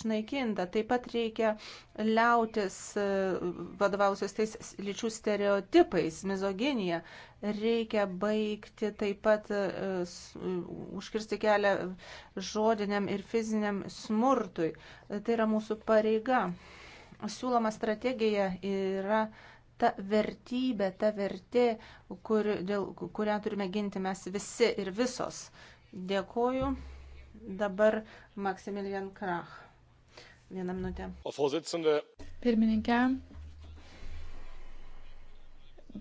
išnaikinta. Taip pat reikia liautis e, vadovausios tais lyčių stereotipais, mizoginija. Reikia baigti taip pat uh, užkirsti kelią žodiniam ir fiziniam smurtui. Tai yra mūsų pareiga. Siūloma strategija yra ta vertybė, ta vertė, kur, dėl, kurią turime ginti mes visi ir visos. Dėkoju. Dabar Maksimilian Krach. Vieną minutę. Pirmininkė.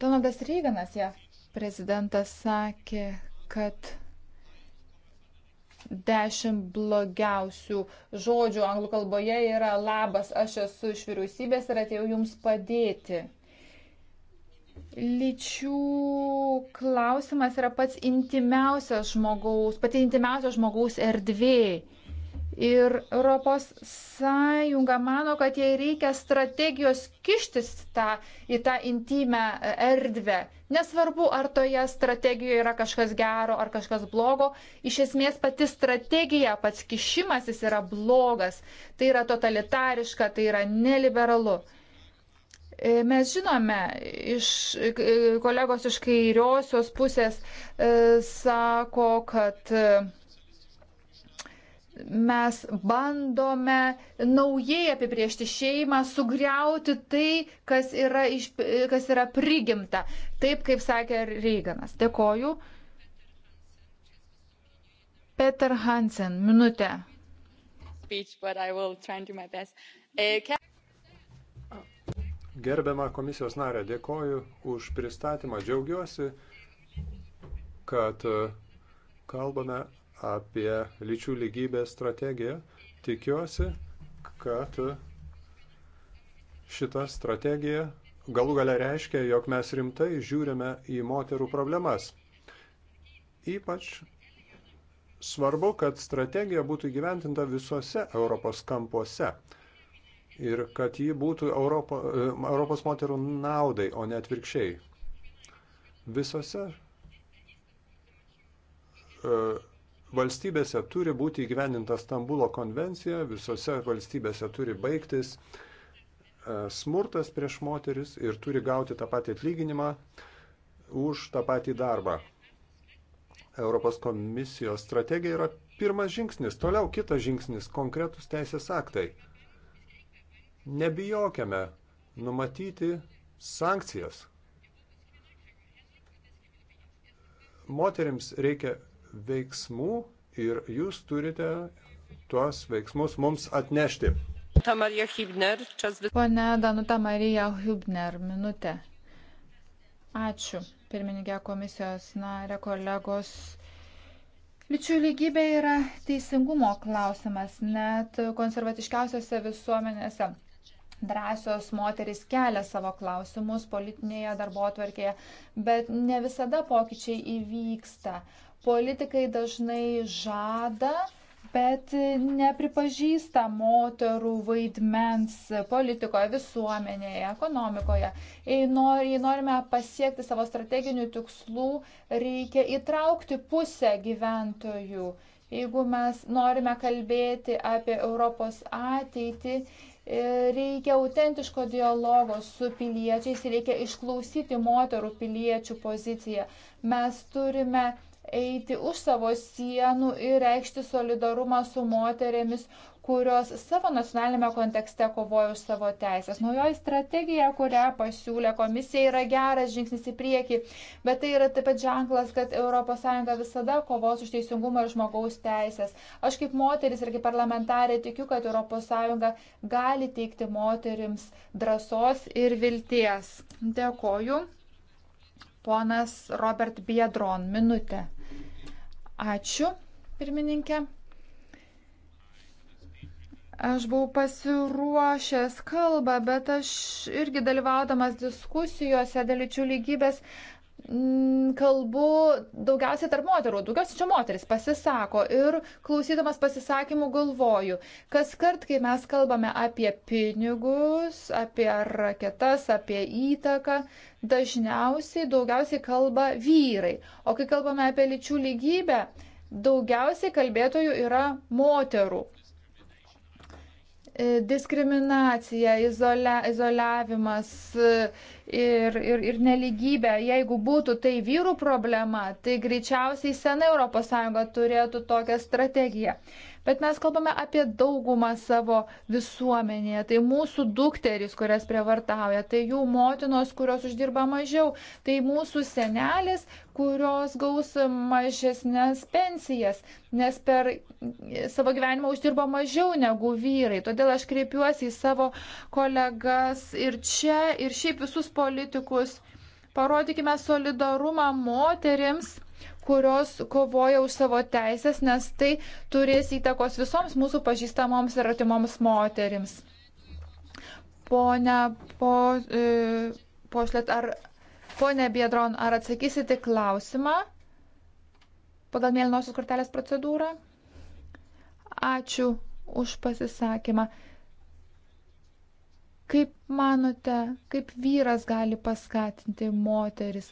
Donaldas Reiganas, jav prezidentas, sakė, kad dešimt blogiausių žodžių anglų kalboje yra labas, aš esu iš vyriausybės ir atėjau jums padėti. Lyčių klausimas yra pats intimiausias žmogaus, pati intimiausia žmogaus erdvė. Ir ES mano, kad jai reikia strategijos kištis tą, į tą intimę e, erdvę. Nesvarbu, ar toje strategijoje yra kažkas gero ar kažkas blogo, iš esmės pati strategija, pats kišimasis yra blogas. Tai yra totalitariška, tai yra neliberalu. E, mes žinome, iš, e, kolegos iš kairiosios pusės sako, kad mes bandome naujai apibriežti šeimą, sugriauti tai, kas yra, iš, kas yra prigimta, taip kaip sakė Reiganas. Dėkoju. Peter Hansen, minutė. Eh, Gerbiama komisijos narė, dėkoju už pristatymą. Džiaugiuosi, kad eh, kalbame apie lyčių lygybės strategiją. Tikiuosi, kad šita strategija galų gale reiškia, jog mes rimtai žiūrime į moterų problemas. Ypač svarbu, kad strategija būtų įgyventinta visuose Europos kampuose ir kad ji būtų Europo, Europos moterų naudai, o ne atvirkščiai. Visose e, valstybėse turi būti įgyvendinta Stambulo konvencija, visose valstybėse turi baigtis e, smurtas prieš moteris ir turi gauti tą patį atlyginimą už tą patį darbą. Europos komisijos strategija yra pirmas žingsnis, toliau kitas žingsnis - konkretus teisės aktai. Nebijokime numatyti sankcijas. Moterims reikia veiksmų ir jūs turite tuos veiksmus mums atnešti. Pone Danuta Marija Hübner, minutė. Ačiū, pirmininkė komisijos narė, kolegos. Lyčių lygybė yra teisingumo klausimas net konservatiškiausiose visuomenėse. Drąsios moteris kelia savo klausimus politinėje darbo atvarkėje, bet ne visada pokyčiai įvyksta. Politikai dažnai žada, bet nepripažįsta moterų vaidmens politikoje, visuomenėje, ekonomikoje. Jei, nor, jei norime pasiekti savo strateginių tikslų, reikia įtraukti pusę gyventojų. Jeigu mes norime kalbėti apie Europos ateitį, e, reikia autentiško dialogo su piliečiais, reikia išklausyti moterų piliečių poziciją. Mes turime eiti už savo sienų ir reikšti solidarumą su moterėmis, kurios savo nacionalinėme kontekste kovoja už savo teisės. Naujoji strategija, kurią pasiūlė komisija, yra geras žingsnis į priekį, bet tai yra taip pat ženklas, kad ES visada kovos už teisingumą ir žmogaus teisės. Aš kaip moteris ir kaip parlamentarė tikiu, kad ES gali teikti moterims drąsos ir vilties. Dėkoju. Ponas Robert Biedron, minutė. Ačiū, pirmininkė. Aš buvau pasiruošęs kalbą, bet aš irgi dalyvaudamas diskusijose dėl lyčių lygybės Mm, kalbu daugiausiai tarp moterų, daugiausiai čia moteris pasisako ir klausydamas pasisakymų galvoju, kas kart, kai mes kalbame apie pinigus, apie raketas, apie įtaką, dažniausiai daugiausiai kalba vyrai, o kai kalbame apie lyčių lygybę, daugiausiai kalbėtojų yra moterų. E, diskriminacija, izolia, izoliavimas e, ir, ir, ir neligybė. Jeigu būtų tai vyrų problema, tai greičiausiai sena ES turėtų tokią strategiją bet mes kalbame apie daugumą savo visuomenėje. Tai mūsų dukterys, kurias prievartauja, tai jų motinos, kurios uždirba mažiau, tai mūsų senelės, kurios gaus mažesnės pensijas, nes per savo gyvenimą uždirba mažiau negu vyrai. Todėl aš kreipiuosi į savo kolegas ir čia, ir šiaip visus politikus. Parodykime solidarumą moterims kurios kovoja už savo teisės, nes tai turės įtakos visoms mūsų pažįstamoms ir atimoms moterims. Pone, po, e, pošlėt, ar, pone Biedron, ar atsakysite klausimą pagal mėlynosios kortelės procedūrą? Ačiū už pasisakymą. Kaip manote, kaip vyras gali paskatinti moteris?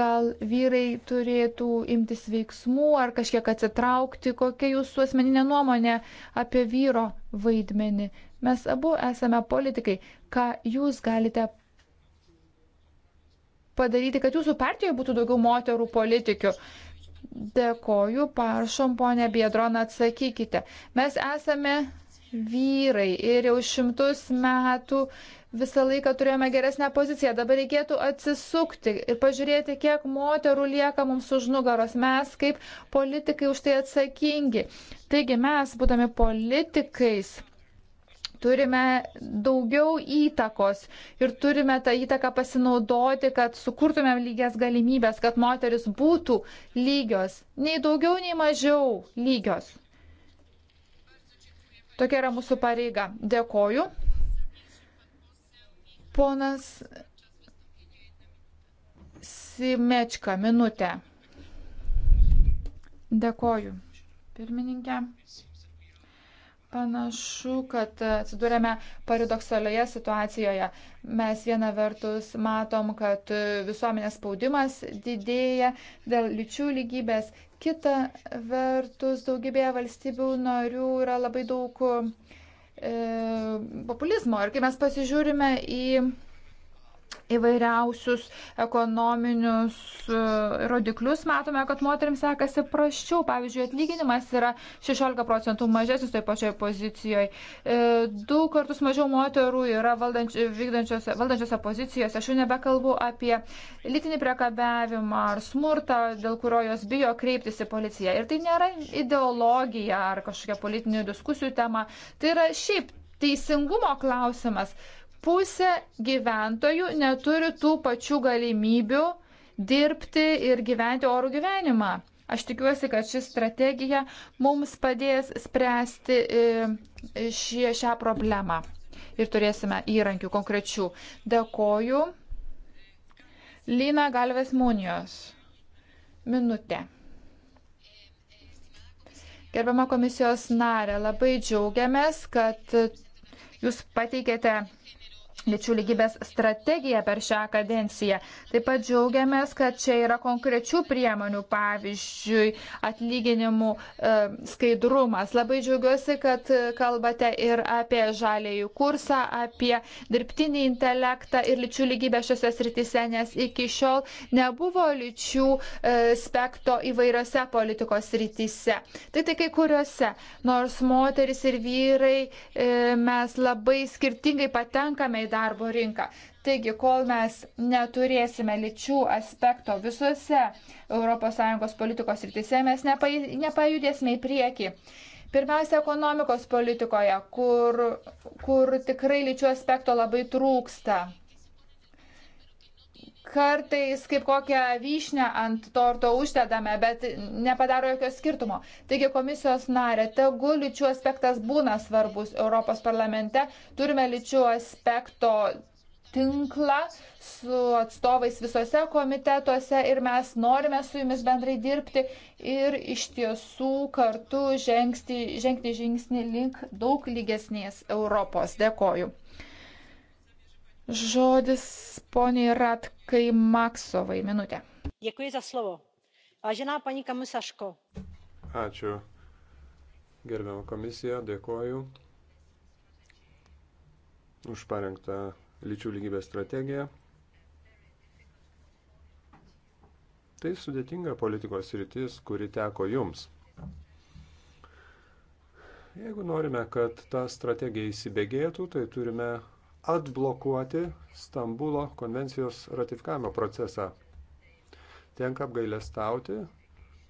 Gal vyrai turėtų imtis veiksmų ar kažkiek atsitraukti? Kokia jūsų asmeninė nuomonė apie vyro vaidmenį? Mes abu esame politikai. Ką jūs galite padaryti, kad jūsų partijoje būtų daugiau moterų politikių? Dėkoju, prašom, ponė Biedrona, atsakykite. Mes esame vyrai ir jau šimtus metų visą laiką turėjome geresnę poziciją. Dabar reikėtų atsisukti ir pažiūrėti, kiek moterų lieka mums už nugaros. Mes kaip politikai už tai atsakingi. Taigi mes, būdami politikais, turime daugiau įtakos ir turime tą įtaką pasinaudoti, kad sukurtumėm lygias galimybės, kad moteris būtų lygios. Nei daugiau, nei mažiau lygios. Tokia yra mūsų pareiga. Dėkoju. Ponas Simečka, minutę. Dėkoju. Pirmininkė. Panašu, kad atsidūrėme paradoksalioje situacijoje. Mes viena vertus matom, kad visuomenės spaudimas didėja dėl lyčių lygybės, kita vertus daugybėje valstybių narių yra labai daug e, populizmo. Ir kai mes pasižiūrime į įvairiausius ekonominius e, rodiklius, matome, kad moteriams sekasi praščiau. Pavyzdžiui, atlyginimas yra 16 procentų mažesnis toje pačioje pozicijoje. E, du kartus mažiau moterų yra valdanči, valdančiose pozicijose. Aš jau nebekalbu apie lytinį priekabiavimą ar smurtą, dėl kurio jos bijo kreiptis į policiją. Ir tai nėra ideologija ar kažkokia politinių diskusijų tema. Tai yra šiaip teisingumo klausimas. Pusė gyventojų neturi tų pačių galimybių dirbti ir gyventi orų gyvenimą. Aš tikiuosi, kad ši strategija mums padės spręsti e, šie, šią problemą ir turėsime įrankių konkrečių. Dėkoju. Lina Galvės Munijos. Minutė. Gerbiama komisijos narė, labai džiaugiamės, kad jūs pateikėte lyčių lygybės strategiją per šią kadenciją. Taip pat džiaugiamės, kad čia yra konkrečių priemonių, pavyzdžiui, atlyginimų e, skaidrumas. Labai džiaugiuosi, kad kalbate ir apie žalėjų kursą, apie dirbtinį intelektą ir lyčių lygybę šiose srityse, nes iki šiol nebuvo lyčių e, spekto įvairiose politikos srityse. Tai tai kai kuriuose, nors moteris ir vyrai e, mes labai skirtingai patenkame į darbo rinką. Taigi, kol mes neturėsime lyčių aspekto visose ES politikos rytise, mes nepajudėsime į priekį. Pirmiausia, ekonomikos politikoje, kur, kur tikrai lyčių aspekto labai trūksta kartais kaip kokią vyšnę ant torto uždedame, bet nepadaro jokio skirtumo. Taigi komisijos narė, tegu lyčių aspektas būna svarbus Europos parlamente, turime lyčių aspekto tinklą su atstovais visose komitetuose ir mes norime su jumis bendrai dirbti ir iš tiesų kartu žengti, žengti žingsnį link daug lygesnės Europos. Dėkoju. Žodis poniai Ratkai Maksovai. Minutė. Děkuji za slovo. Vážená paní komisařko. Ačiū. Gerbiamą komisiją, dėkoju už parengtą lyčių lygybės strategiją. Tai sudėtinga politikos rytis, kuri teko jums. Jeigu norime, kad ta strategija įsibėgėtų, tai turime atblokuoti Stambulo konvencijos ratifikavimo procesą. Tenka apgailestauti,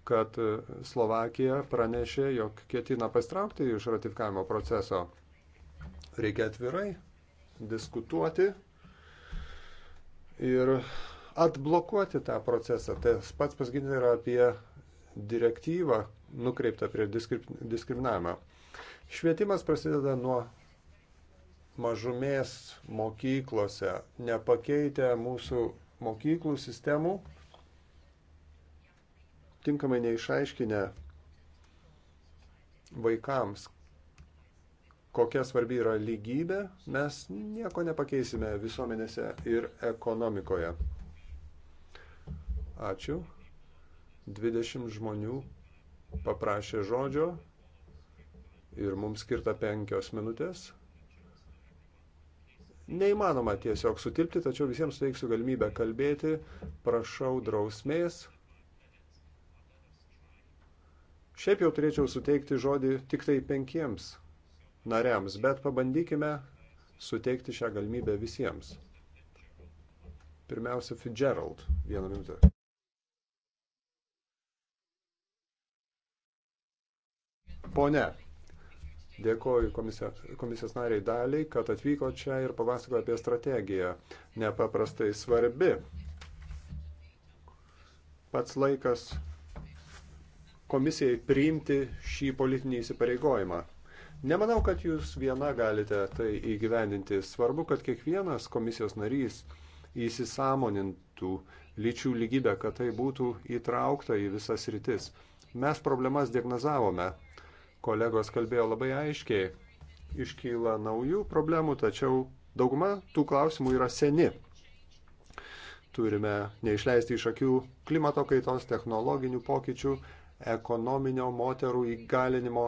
kad Slovakija pranešė, jog ketina pastraukti iš ratifikavimo proceso. Reikia atvirai diskutuoti ir atblokuoti tą procesą. Tas pats pasakyti yra apie direktyvą nukreiptą prie diskriminavimą. Švietimas prasideda nuo mažumės mokyklose, nepakeitę mūsų mokyklų sistemų, tinkamai neišaiškinę vaikams, kokia svarbi yra lygybė, mes nieko nepakeisime visuomenėse ir ekonomikoje. Ačiū. 20 žmonių paprašė žodžio ir mums skirta penkios minutės neįmanoma tiesiog sutilpti, tačiau visiems suteiksiu galimybę kalbėti. Prašau drausmės. Šiaip jau turėčiau suteikti žodį tik tai penkiems nariams, bet pabandykime suteikti šią galimybę visiems. Pirmiausia, Fitzgerald. Vieną minutę. Pone, Dėkoju komisijos, komisijos nariai daliai, kad atvyko čia ir papasakojo apie strategiją. Nepaprastai svarbi. Pats laikas komisijai priimti šį politinį įsipareigojimą. Nemanau, kad jūs viena galite tai įgyvendinti. Svarbu, kad kiekvienas komisijos narys įsisamonintų lyčių lygybę, kad tai būtų įtraukta į visas rytis. Mes problemas diagnozavome, Kolegos kalbėjo labai aiškiai, iškyla naujų problemų, tačiau dauguma tų klausimų yra seni. Turime neišleisti iš akių klimato kaitos, technologinių pokyčių, ekonominio moterų įgalinimo,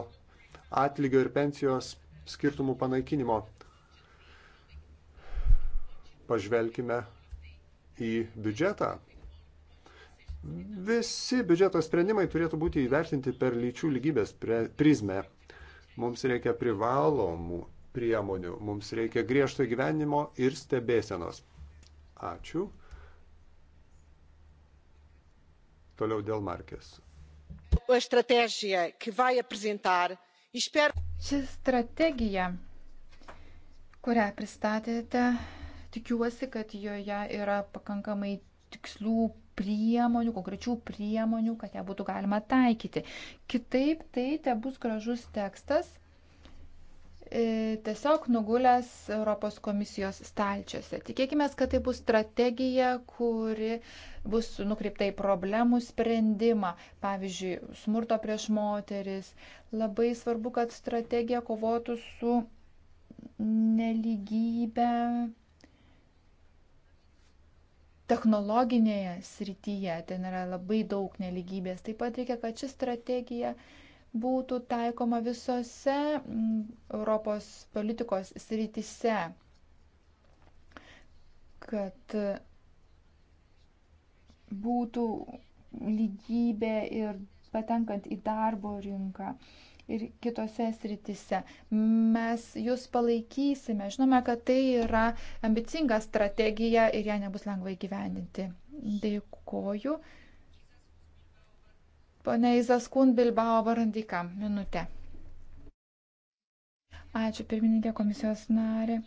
atlygio ir pensijos skirtumų panaikinimo. Pažvelkime į biudžetą, Visi biudžeto sprendimai turėtų būti įvertinti per lyčių lygybės prizmę. Mums reikia privalomų priemonių, mums reikia griežto gyvenimo ir stebėsenos. Ačiū. Toliau dėl Markės. Ši strategija, kurią pristatėte, tikiuosi, kad joje yra pakankamai tikslių priemonių, konkrečių priemonių, kad ją būtų galima taikyti. Kitaip tai te bus gražus tekstas e, tiesiog nugulęs Europos komisijos stalčiuose. Tikėkime, kad tai bus strategija, kuri bus nukreipta į problemų sprendimą, pavyzdžiui, smurto prieš moteris. Labai svarbu, kad strategija kovotų su neligybė technologinėje srityje, ten yra labai daug neligybės. Taip pat reikia, kad ši strategija būtų taikoma visose mm, Europos politikos srityse, kad e, būtų lygybė ir patenkant į darbo rinką. Uh, ir kitose sritise. Mes jūs palaikysime. Žinome, kad tai yra ambicinga strategija ir ją nebus lengva įgyvendinti. Dėkuoju. Pone Izaskun Bilbao Barandika, minutė. Ačiū pirmininkė komisijos narė.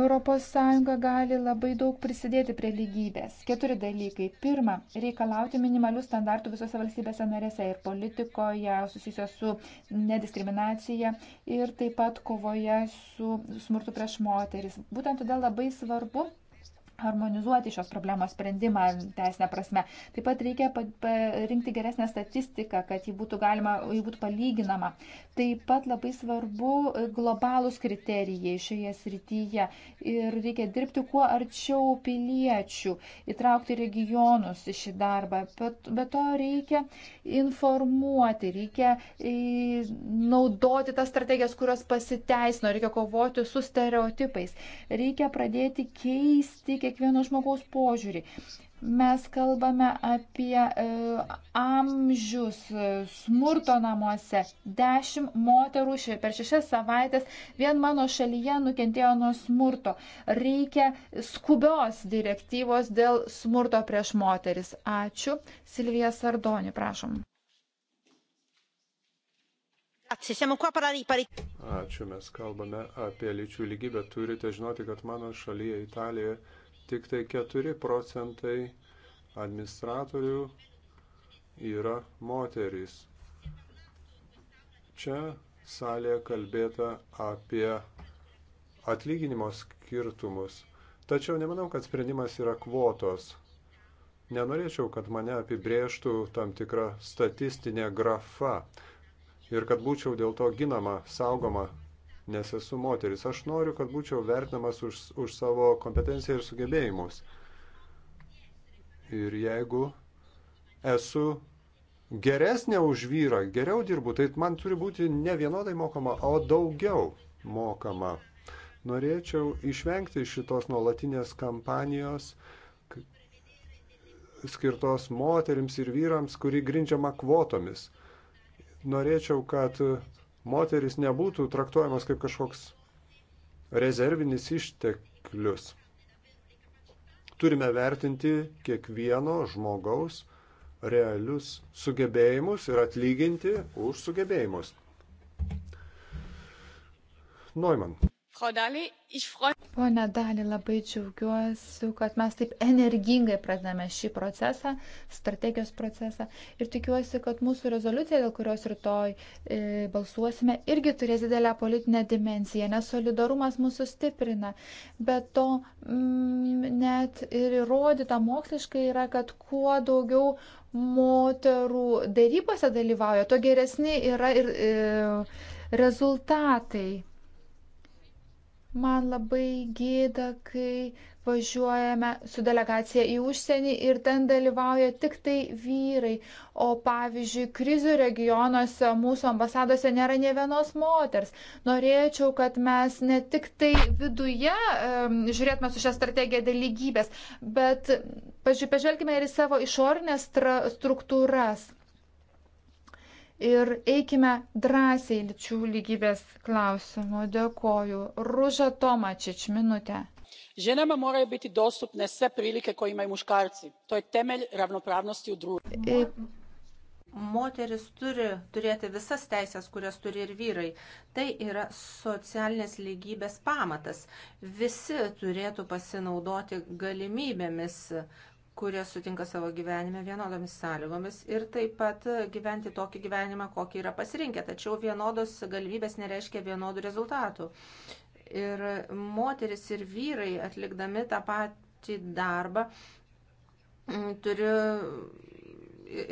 ES gali labai daug prisidėti prie lygybės. Keturi dalykai. Pirma, reikalauti minimalių standartų visose valstybėse narėse ir politikoje susijusios su nediskriminacija ir taip pat kovoje su smurtu prieš moteris. Būtent todėl labai svarbu harmonizuoti šios problemos sprendimą teisinę prasme. Taip pat reikia parinkti geresnę statistiką, kad jį būtų galima, jį būtų palyginama. Taip pat labai svarbu e, globalūs kriterijai šioje srityje ir reikia dirbti kuo arčiau piliečių, įtraukti regionus į šį darbą. Bet, bet to reikia informuoti, reikia e, naudoti tas strategijas, kurios pasiteisino, reikia kovoti su stereotipais. Reikia pradėti keisti kiekvieno žmogaus požiūrį. Mes kalbame apie e, amžius e, smurto namuose. Dešimt moterų še, per šešias savaitės vien mano šalyje nukentėjo nuo smurto. Reikia skubios direktyvos dėl smurto prieš moteris. Ačiū. Silvija Sardoni, prašom. Ačiū, mes kalbame apie lyčių lygybę. Turite žinoti, kad mano šalyje Italijoje tik tai 4 procentai administratorių yra moterys. Čia salėje kalbėta apie atlyginimo skirtumus. Tačiau nemanau, kad sprendimas yra kvotos. Nenorėčiau, kad mane apibrėžtų tam tikra statistinė grafa ir kad būčiau dėl to ginama, saugoma nes esu moteris. Aš noriu, kad būčiau vertinamas už, už savo kompetenciją ir sugebėjimus. Ir jeigu esu geresnė už vyrą, geriau dirbu, tai man turi būti ne vienodai mokama, o daugiau mokama. Norėčiau išvengti šitos nuolatinės kampanijos skirtos moterims ir vyrams, kuri grindžiama kvotomis. Norėčiau, kad moteris nebūtų traktuojamas kaip kažkoks rezervinis išteklius. Turime vertinti kiekvieno žmogaus realius sugebėjimus ir atlyginti už sugebėjimus. Neumann. Pone Dali, labai džiaugiuosi, kad mes taip energingai pradame šį procesą, strategijos procesą ir tikiuosi, kad mūsų rezoliucija, dėl kurios rytoj e, balsuosime, irgi turės didelę politinę dimenciją, nes solidarumas mūsų stiprina. Bet to mm, net ir įrodyta moksliškai yra, kad kuo daugiau moterų darybose dalyvauja, to geresni yra ir e, rezultatai. Man labai gėda, kai važiuojame su delegacija į užsienį ir ten dalyvauja tik tai vyrai. O pavyzdžiui, krizių regionuose mūsų ambasadose nėra ne vienos moters. Norėčiau, kad mes ne tik tai viduje um, žiūrėtume su šią strategiją dėl lygybės, bet pažiūrėkime ir į savo išorinės struktūras ir eikime drąsiai lyčių lygybės klausimu. Dėkoju. Ruža Tomačič, minutė. Ženama moraju biti dostupne sve prilike koje imaju muškarci. To je temelj ravnopravnosti u društvu. E, Moteris turi turėti visas teisės, kurias turi ir vyrai. Tai yra socialinės lygybės pamatas. Visi turėtų pasinaudoti galimybėmis kurie sutinka savo gyvenime vienodomis sąlygomis ir taip pat gyventi tokį gyvenimą, kokį yra pasirinkę. Tačiau vienodos galimybės nereiškia vienodų rezultatų. Ir moteris ir vyrai atlikdami tą patį darbą turi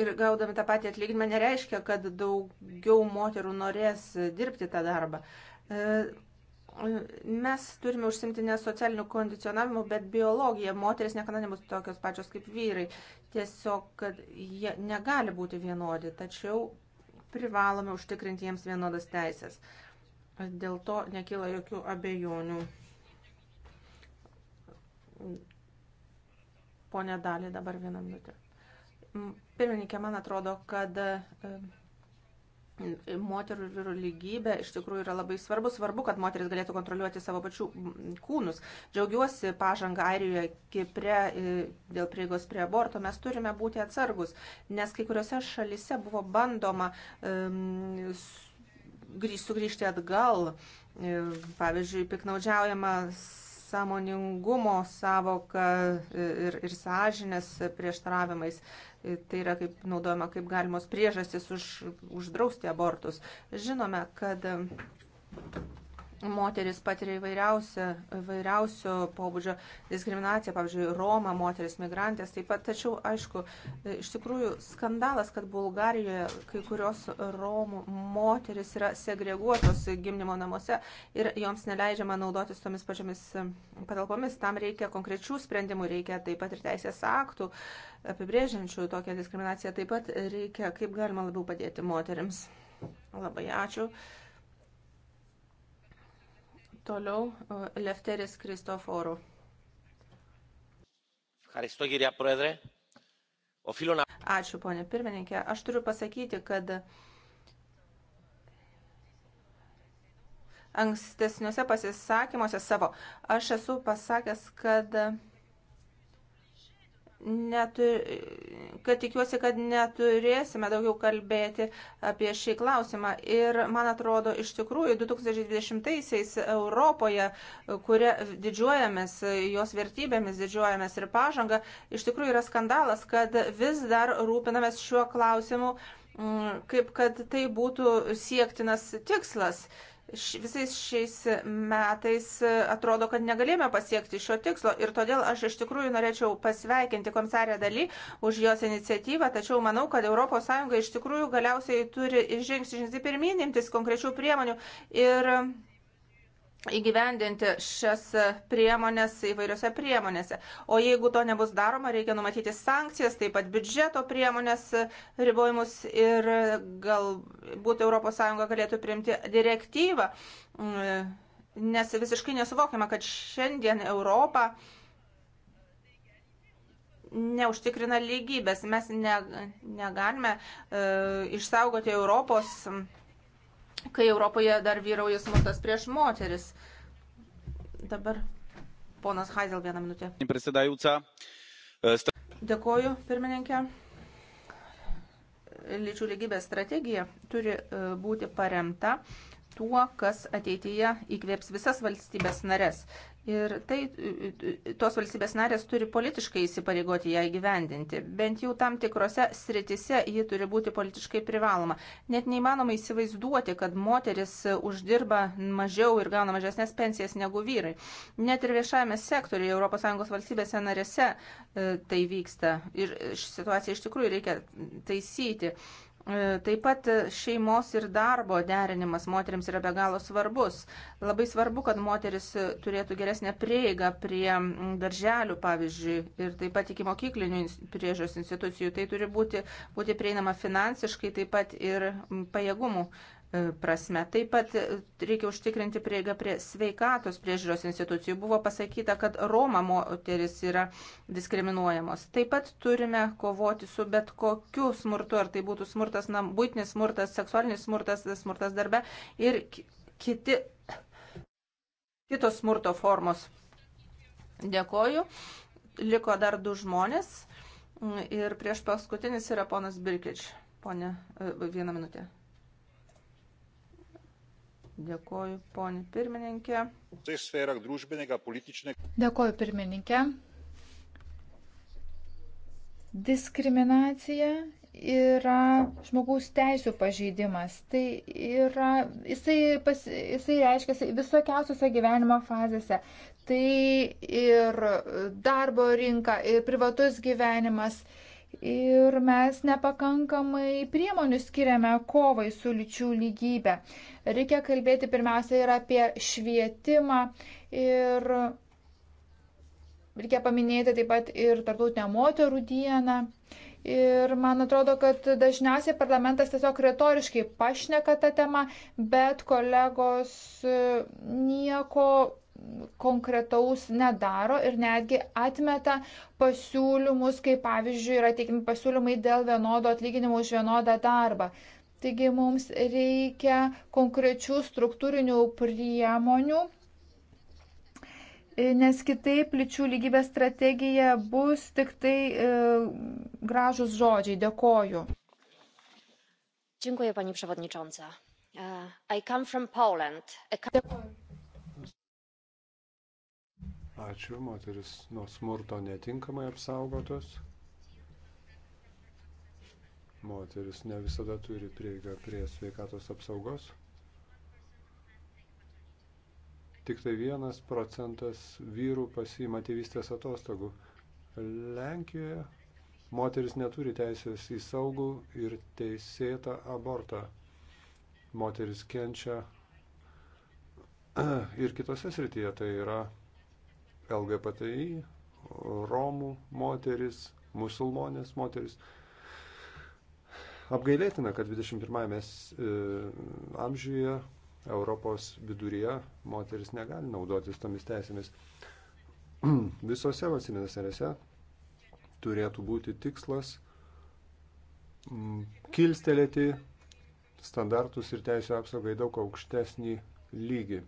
ir gaudami tą patį atlyginimą nereiškia, kad daugiau moterų norės dirbti tą darbą. E, Mes turime užsimti ne socialiniu kondicionavimu, bet biologija. Moteris niekada nebus tokios pačios kaip vyrai. Tiesiog, kad jie negali būti vienodi, tačiau privalome užtikrinti jiems vienodas teisės. Dėl to nekyla jokių abejonių. Pone Dalį, dabar vieną minutę. Pirmininkė, man atrodo, kad e, moterų ir vyrų lygybė iš tikrųjų yra labai svarbu. Svarbu, kad moteris galėtų kontroliuoti savo pačių kūnus. Džiaugiuosi pažanga Airijoje, Kipre dėl prieigos prie aborto. Mes turime būti atsargus, nes kai kuriuose šalise buvo bandoma um, sugrįžti atgal. Pavyzdžiui, piknaudžiaujama sąmoningumo savoka ir, ir sąžinės prieštaravimais. Tai yra kaip naudojama kaip galimos priežastys už, uždrausti abortus. Žinome, kad Moteris patiria įvairiausio pobūdžio diskriminaciją, pavyzdžiui, Roma, moteris migrantės taip pat. Tačiau, aišku, iš tikrųjų skandalas, kad Bulgarijoje kai kurios Romų moteris yra segreguotos gimdymo namuose ir joms neleidžiama naudotis tomis pačiamis patalpomis. Tam reikia konkrečių sprendimų, reikia taip pat ir teisės aktų apibrėžiančių tokią diskriminaciją. Taip pat reikia, kaip galima labiau padėti moteriams. Labai ačiū. Toliau e, Lefteris Kristoforų. Ačiū, ponė pirmininkė. Aš turiu pasakyti, kad ankstesniuose pasisakymuose savo aš esu pasakęs, kad neturi, kad tikiuosi, kad neturėsime daugiau kalbėti apie šį klausimą. Ir man atrodo, iš tikrųjų, 2020-aisiais Europoje, kuria didžiuojamės, jos vertybėmis didžiuojamės ir pažanga, iš tikrųjų yra skandalas, kad vis dar rūpinamės šiuo klausimu, mm, kaip kad tai būtų siektinas tikslas visais šiais metais e, atrodo, kad negalėjome pasiekti šio tikslo ir todėl aš iš tikrųjų norėčiau pasveikinti komisarę daly už jos iniciatyvą, tačiau manau, kad ES iš tikrųjų galiausiai turi žingsnį pirmin imtis konkrečių priemonių ir įgyvendinti šias priemonės įvairiose priemonėse. O jeigu to nebus daroma, reikia numatyti sankcijas, taip pat biudžeto priemonės ribojimus ir galbūt ES galėtų priimti direktyvą, mm, nes visiškai nesuvokiama, kad šiandien Europą neužtikrina lygybės. Mes ne, negalime e, išsaugoti Europos. E, kai Europoje dar vyrauja smurtas prieš moteris. Dabar ponas Haidel vieną minutę. E, Dėkoju, pirmininkė. Lyčių lygybės strategija turi e, būti paremta tuo, kas ateityje įkvėps visas valstybės nares. Ir tai tos valstybės narės turi politiškai įsipareigoti ją įgyvendinti. Bent jau tam tikrose sritise ji turi būti politiškai privaloma. Net neįmanoma įsivaizduoti, kad moteris uždirba mažiau ir gauna mažesnės pensijas negu vyrai. Net ir viešajame sektoriuje ES valstybėse narėse e, tai vyksta. Ir situaciją iš tikrųjų reikia taisyti. E, taip pat šeimos ir darbo derinimas moteriams yra be galo svarbus. Labai svarbu, kad moteris turėtų geresnę prieigą prie darželių, pavyzdžiui, ir taip pat iki mokyklinių priežos institucijų. Tai turi būti, būti prieinama finansiškai, taip pat ir pajėgumų prasme. Taip pat e, reikia užtikrinti prieigą prie sveikatos priežiūros institucijų. Buvo pasakyta, kad Roma moteris yra diskriminuojamos. Taip pat turime kovoti su bet kokiu smurtu, ar tai būtų smurtas, nam, būtinis smurtas, seksualinis smurtas, smurtas darbe ir kiti, kitos smurto formos. Dėkoju. Liko dar du žmonės. Ir prieš paskutinis yra ponas Birkič. Pone, e, vieną minutę. Dėkoju, ponė pirmininkė. Tai Dėkoju, pirmininkė. Diskriminacija yra žmogaus teisų pažeidimas. Tai yra, jisai, pas, jisai reiškia visokiausiose gyvenimo fazėse. Tai ir darbo rinka, ir privatus gyvenimas, ir mes nepakankamai priemonių skiriame kovai su lyčių lygybė. Reikia kalbėti pirmiausia ir apie švietimą ir reikia paminėti taip pat ir tarptautinę moterų dieną. Ir man atrodo, kad dažniausiai parlamentas tiesiog retoriškai pašneka tą temą, bet kolegos nieko konkretaus nedaro ir netgi atmeta pasiūlymus, kaip pavyzdžiui yra teikimi pasiūlymai dėl vienodo atlyginimo už vienodą darbą. Taigi mums reikia konkrečių struktūrinių priemonių, nes kitaip lyčių lygybės strategija bus tik tai e, gražus žodžiai. Dėkoju. Dziękuję, pani przewodnicząca. Uh, I come from Poland. E, A... Dėkoju. Ačiū, moteris nuo smurto netinkamai apsaugotos. Moteris ne visada turi prieigą prie sveikatos apsaugos. Tik tai vienas procentas vyrų pasiima tėvystės atostogų. Lenkijoje moteris neturi teisės į saugų ir teisėtą abortą. Moteris kenčia ir kitose srityje, tai yra LGBTI, Romų moteris, musulmonės moteris. Apgailėtina, kad 21-ame e, amžiuje Europos viduryje moteris negali naudotis tomis teisėmis. Visose valstybės narėse turėtų būti tikslas kilstelėti standartus ir teisų apsaugai daug aukštesnį lygį.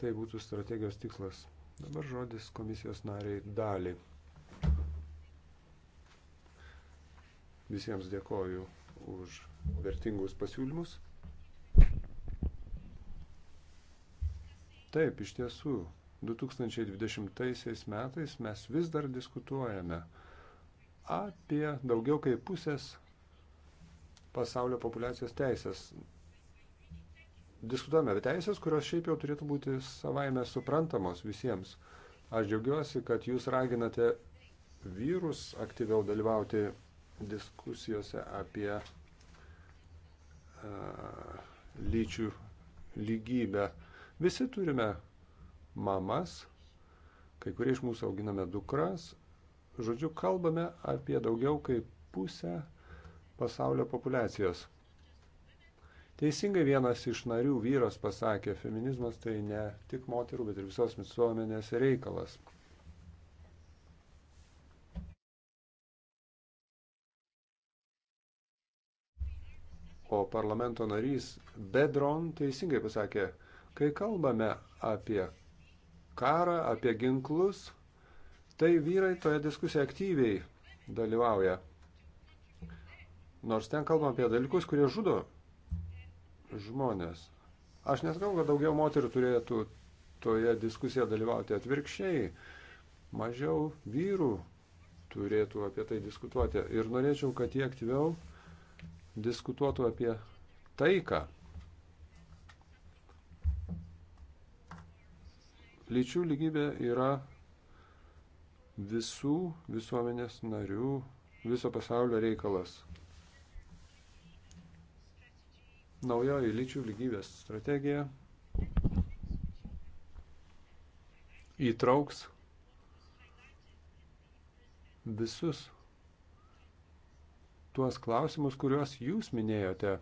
Tai būtų strategijos tikslas. Dabar žodis komisijos nariai dalį. Visiems dėkoju už vertingus pasiūlymus. Taip, iš tiesų, 2020 metais mes vis dar diskutuojame apie daugiau kaip pusės pasaulio populiacijos teisės diskutuojame apie teisės, kurios šiaip jau turėtų būti savaime suprantamos visiems. Aš džiaugiuosi, kad jūs raginate vyrus aktyviau dalyvauti diskusijose apie uh, lyčių lygybę. Visi turime mamas, kai kurie iš mūsų auginame dukras. Žodžiu, kalbame apie daugiau kaip pusę pasaulio populacijos. Teisingai vienas iš narių vyras pasakė, feminizmas tai ne tik moterų, bet ir visos visuomenės reikalas. o parlamento narys Bedron teisingai pasakė, kai kalbame apie karą, apie ginklus, tai vyrai toje diskusijoje aktyviai dalyvauja. Nors ten kalbam apie dalykus, kurie žudo žmonės. Aš nesakau, kad daugiau moterų turėtų toje diskusijoje dalyvauti atvirkščiai, mažiau vyrų turėtų apie tai diskutuoti. Ir norėčiau, kad jie aktyviau diskutuotų apie taiką. Lyčių lygybė yra visų visuomenės narių, viso pasaulio reikalas naujoji lyčių lygybės strategija įtrauks visus tuos klausimus, kuriuos jūs minėjote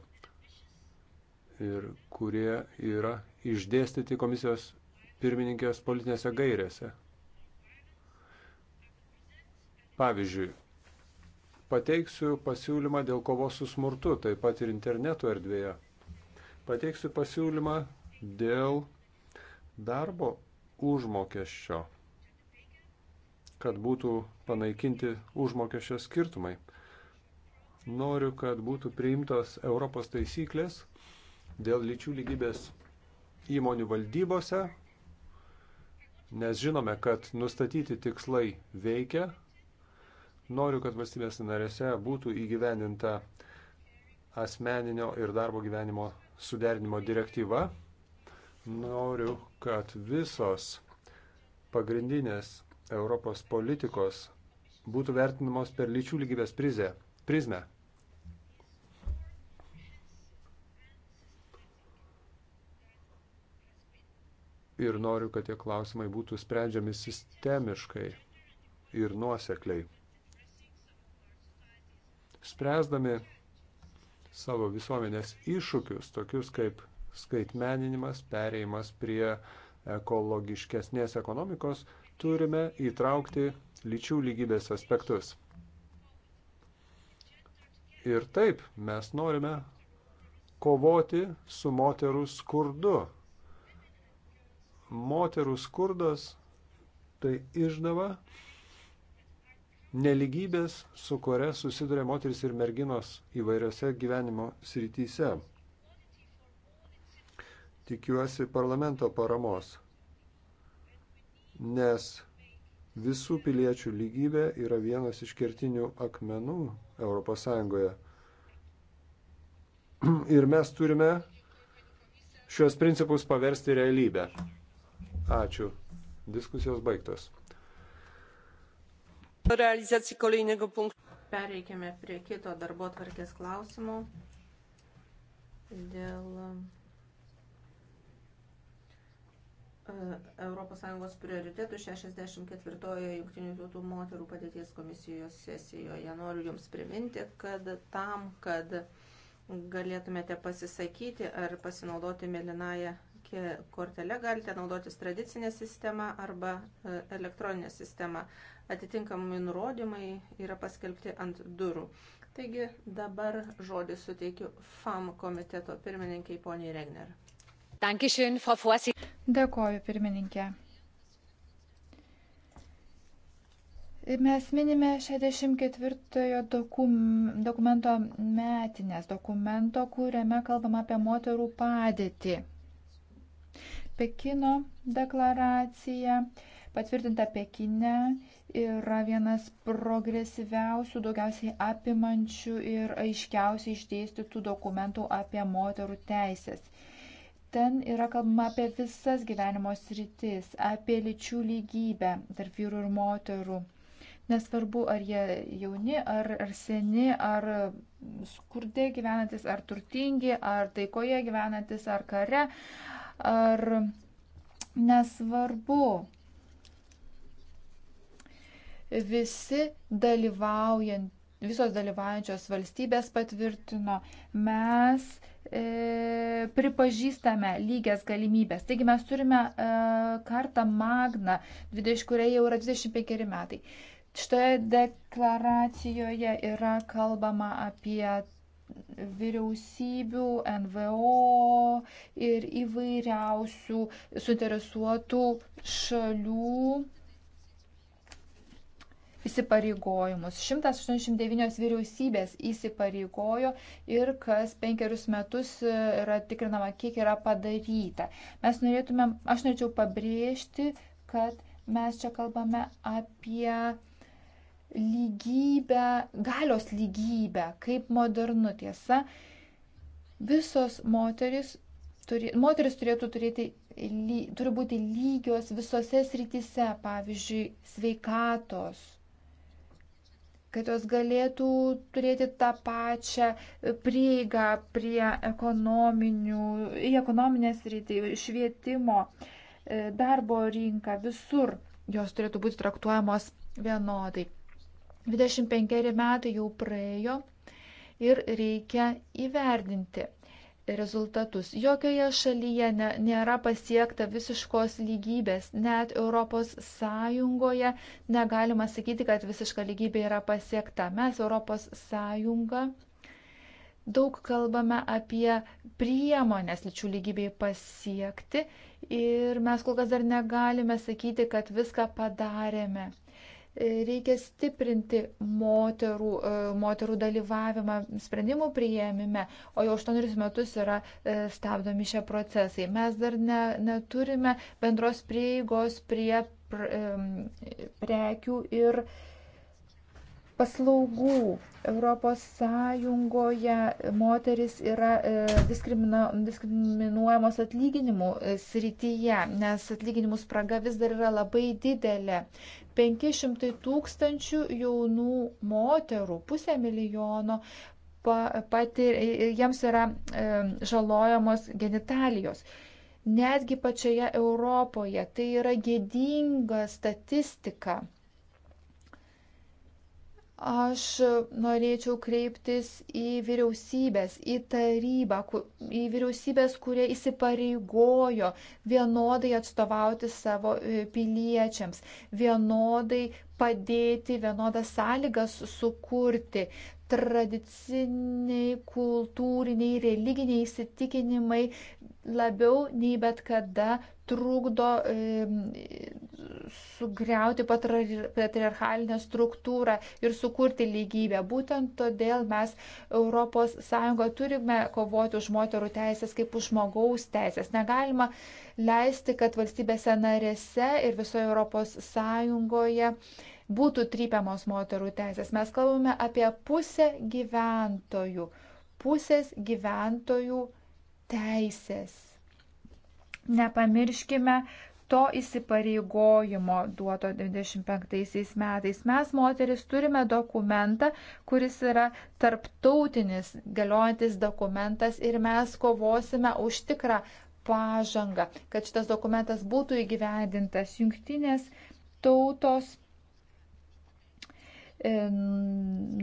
ir kurie yra išdėstyti komisijos pirmininkės politinėse gairėse. Pavyzdžiui, pateiksiu pasiūlymą dėl kovos su smurtu, taip pat ir interneto erdvėje pateiksiu pasiūlymą dėl darbo užmokesčio, kad būtų panaikinti užmokesčio skirtumai. Noriu, kad būtų priimtos Europos taisyklės dėl lyčių lygybės įmonių valdybose, nes žinome, kad nustatyti tikslai veikia. Noriu, kad valstybės narėse būtų įgyvendinta asmeninio ir darbo gyvenimo suderinimo direktyva, noriu, kad visos pagrindinės Europos politikos būtų vertinamos per lyčių lygybės prizę, prizmę. Ir noriu, kad tie klausimai būtų sprendžiami sistemiškai ir nuosekliai. Spręsdami savo visuomenės iššūkius, tokius kaip skaitmeninimas, pereimas prie ekologiškesnės ekonomikos, turime įtraukti lyčių lygybės aspektus. Ir taip mes norime kovoti su moterų skurdu. Moterų skurdas tai išdava, neligybės, su kuria susiduria moteris ir merginos įvairiose gyvenimo srityse. Tikiuosi parlamento paramos, nes visų piliečių lygybė yra vienas iš kertinių akmenų ES. Ir mes turime šios principus paversti realybę. Ačiū. Diskusijos baigtos realizacijai kolejnego punktų. Pereikime prie kito darbo tvarkės klausimo dėl ES prioritetų 64-ojo Junktinių tautų moterų padėties komisijos sesijoje. Noriu Jums priminti, kad tam, kad galėtumėte pasisakyti ar pasinaudoti mėlynąją kortelę galite naudotis tradicinę sistemą arba e, elektroninę sistemą. Atitinkami nurodymai yra paskelbti ant durų. Taigi dabar žodį suteikiu FAM komiteto pirmininkiai poniai Regner. Dėkoju pirmininkė. Mes minime 64 dokum, dokumento metinės dokumento, kuriame kalbama apie moterų padėtį. Pekino deklaracija, patvirtinta Pekine, yra vienas progresyviausių, daugiausiai apimančių ir aiškiausiai išdėstytų dokumentų apie moterų teisės. Ten yra kalbama apie visas gyvenimo sritis, apie lyčių lygybę tarp vyrų ir moterų. Nesvarbu, ar jie jauni, ar, ar seni, ar skurdė gyvenantis, ar turtingi, ar taikoje gyvenantis, ar kare, ar nesvarbu. Visi dalyvaujant, visos dalyvaujančios valstybės patvirtino, mes e, pripažįstame lygias galimybės. Taigi mes turime e, kartą Magną, 20, kuriai jau yra 25 metai. Šitoje deklaracijoje yra kalbama apie vyriausybių, NVO ir įvairiausių suinteresuotų šalių įsipareigojimus. 189 vyriausybės įsipareigojo ir kas penkerius metus yra tikrinama, kiek yra padaryta. Mes norėtumėm, aš norėčiau pabrėžti, kad mes čia kalbame apie lygybę, galios lygybę, kaip modernu tiesa. Visos moteris, turi, moteris turėtų turėti, ly, turi būti lygios visose srityse, pavyzdžiui, sveikatos, kad jos galėtų turėti tą pačią prieigą prie ekonominių, į ekonominės rytį, švietimo, e, darbo rinką, visur jos turėtų būti traktuojamos vienodai. 25 metai jau praėjo ir reikia įvertinti rezultatus. Jokioje šalyje ne, nėra pasiekta visiškos lygybės. Net ES negalima sakyti, kad visiška lygybė yra pasiekta. Mes ES daug kalbame apie priemonės lyčių lygybei pasiekti ir mes kol kas dar negalime sakyti, kad viską padarėme reikia stiprinti moterų, e, moterų dalyvavimą sprendimų prieimime, o jau aštuonerius metus yra e, stabdomi šie procesai. Mes dar ne, neturime bendros prieigos prie prekių ir paslaugų. Europos Sąjungoje moteris yra e, diskriminuojamos atlyginimų srityje, nes atlyginimų spraga vis dar yra labai didelė. 500 tūkstančių jaunų moterų, pusę milijono, patir, jiems yra e, žalojamos genitalijos. Netgi pačioje Europoje tai yra gėdinga statistika. Aš norėčiau kreiptis į vyriausybės, į tarybą, į vyriausybės, kurie įsipareigojo vienodai atstovauti savo e, piliečiams, vienodai padėti, vienodas sąlygas sukurti tradiciniai, kultūriniai, religiniai įsitikinimai labiau nei bet kada trukdo e, sugriauti patriarchalinę struktūrą ir sukurti lygybę. Būtent todėl mes ES turime kovoti už moterų teisės kaip už žmogaus teisės. Negalima leisti, kad valstybėse narėse ir visoje ES būtų trypiamos moterų teisės. Mes kalbame apie pusę gyventojų, pusės gyventojų teisės. Nepamirškime to įsipareigojimo duoto 25 metais. Mes, moteris, turime dokumentą, kuris yra tarptautinis galiojantis dokumentas ir mes kovosime už tikrą pažangą, kad šitas dokumentas būtų įgyvendintas. Jungtinės tautos E,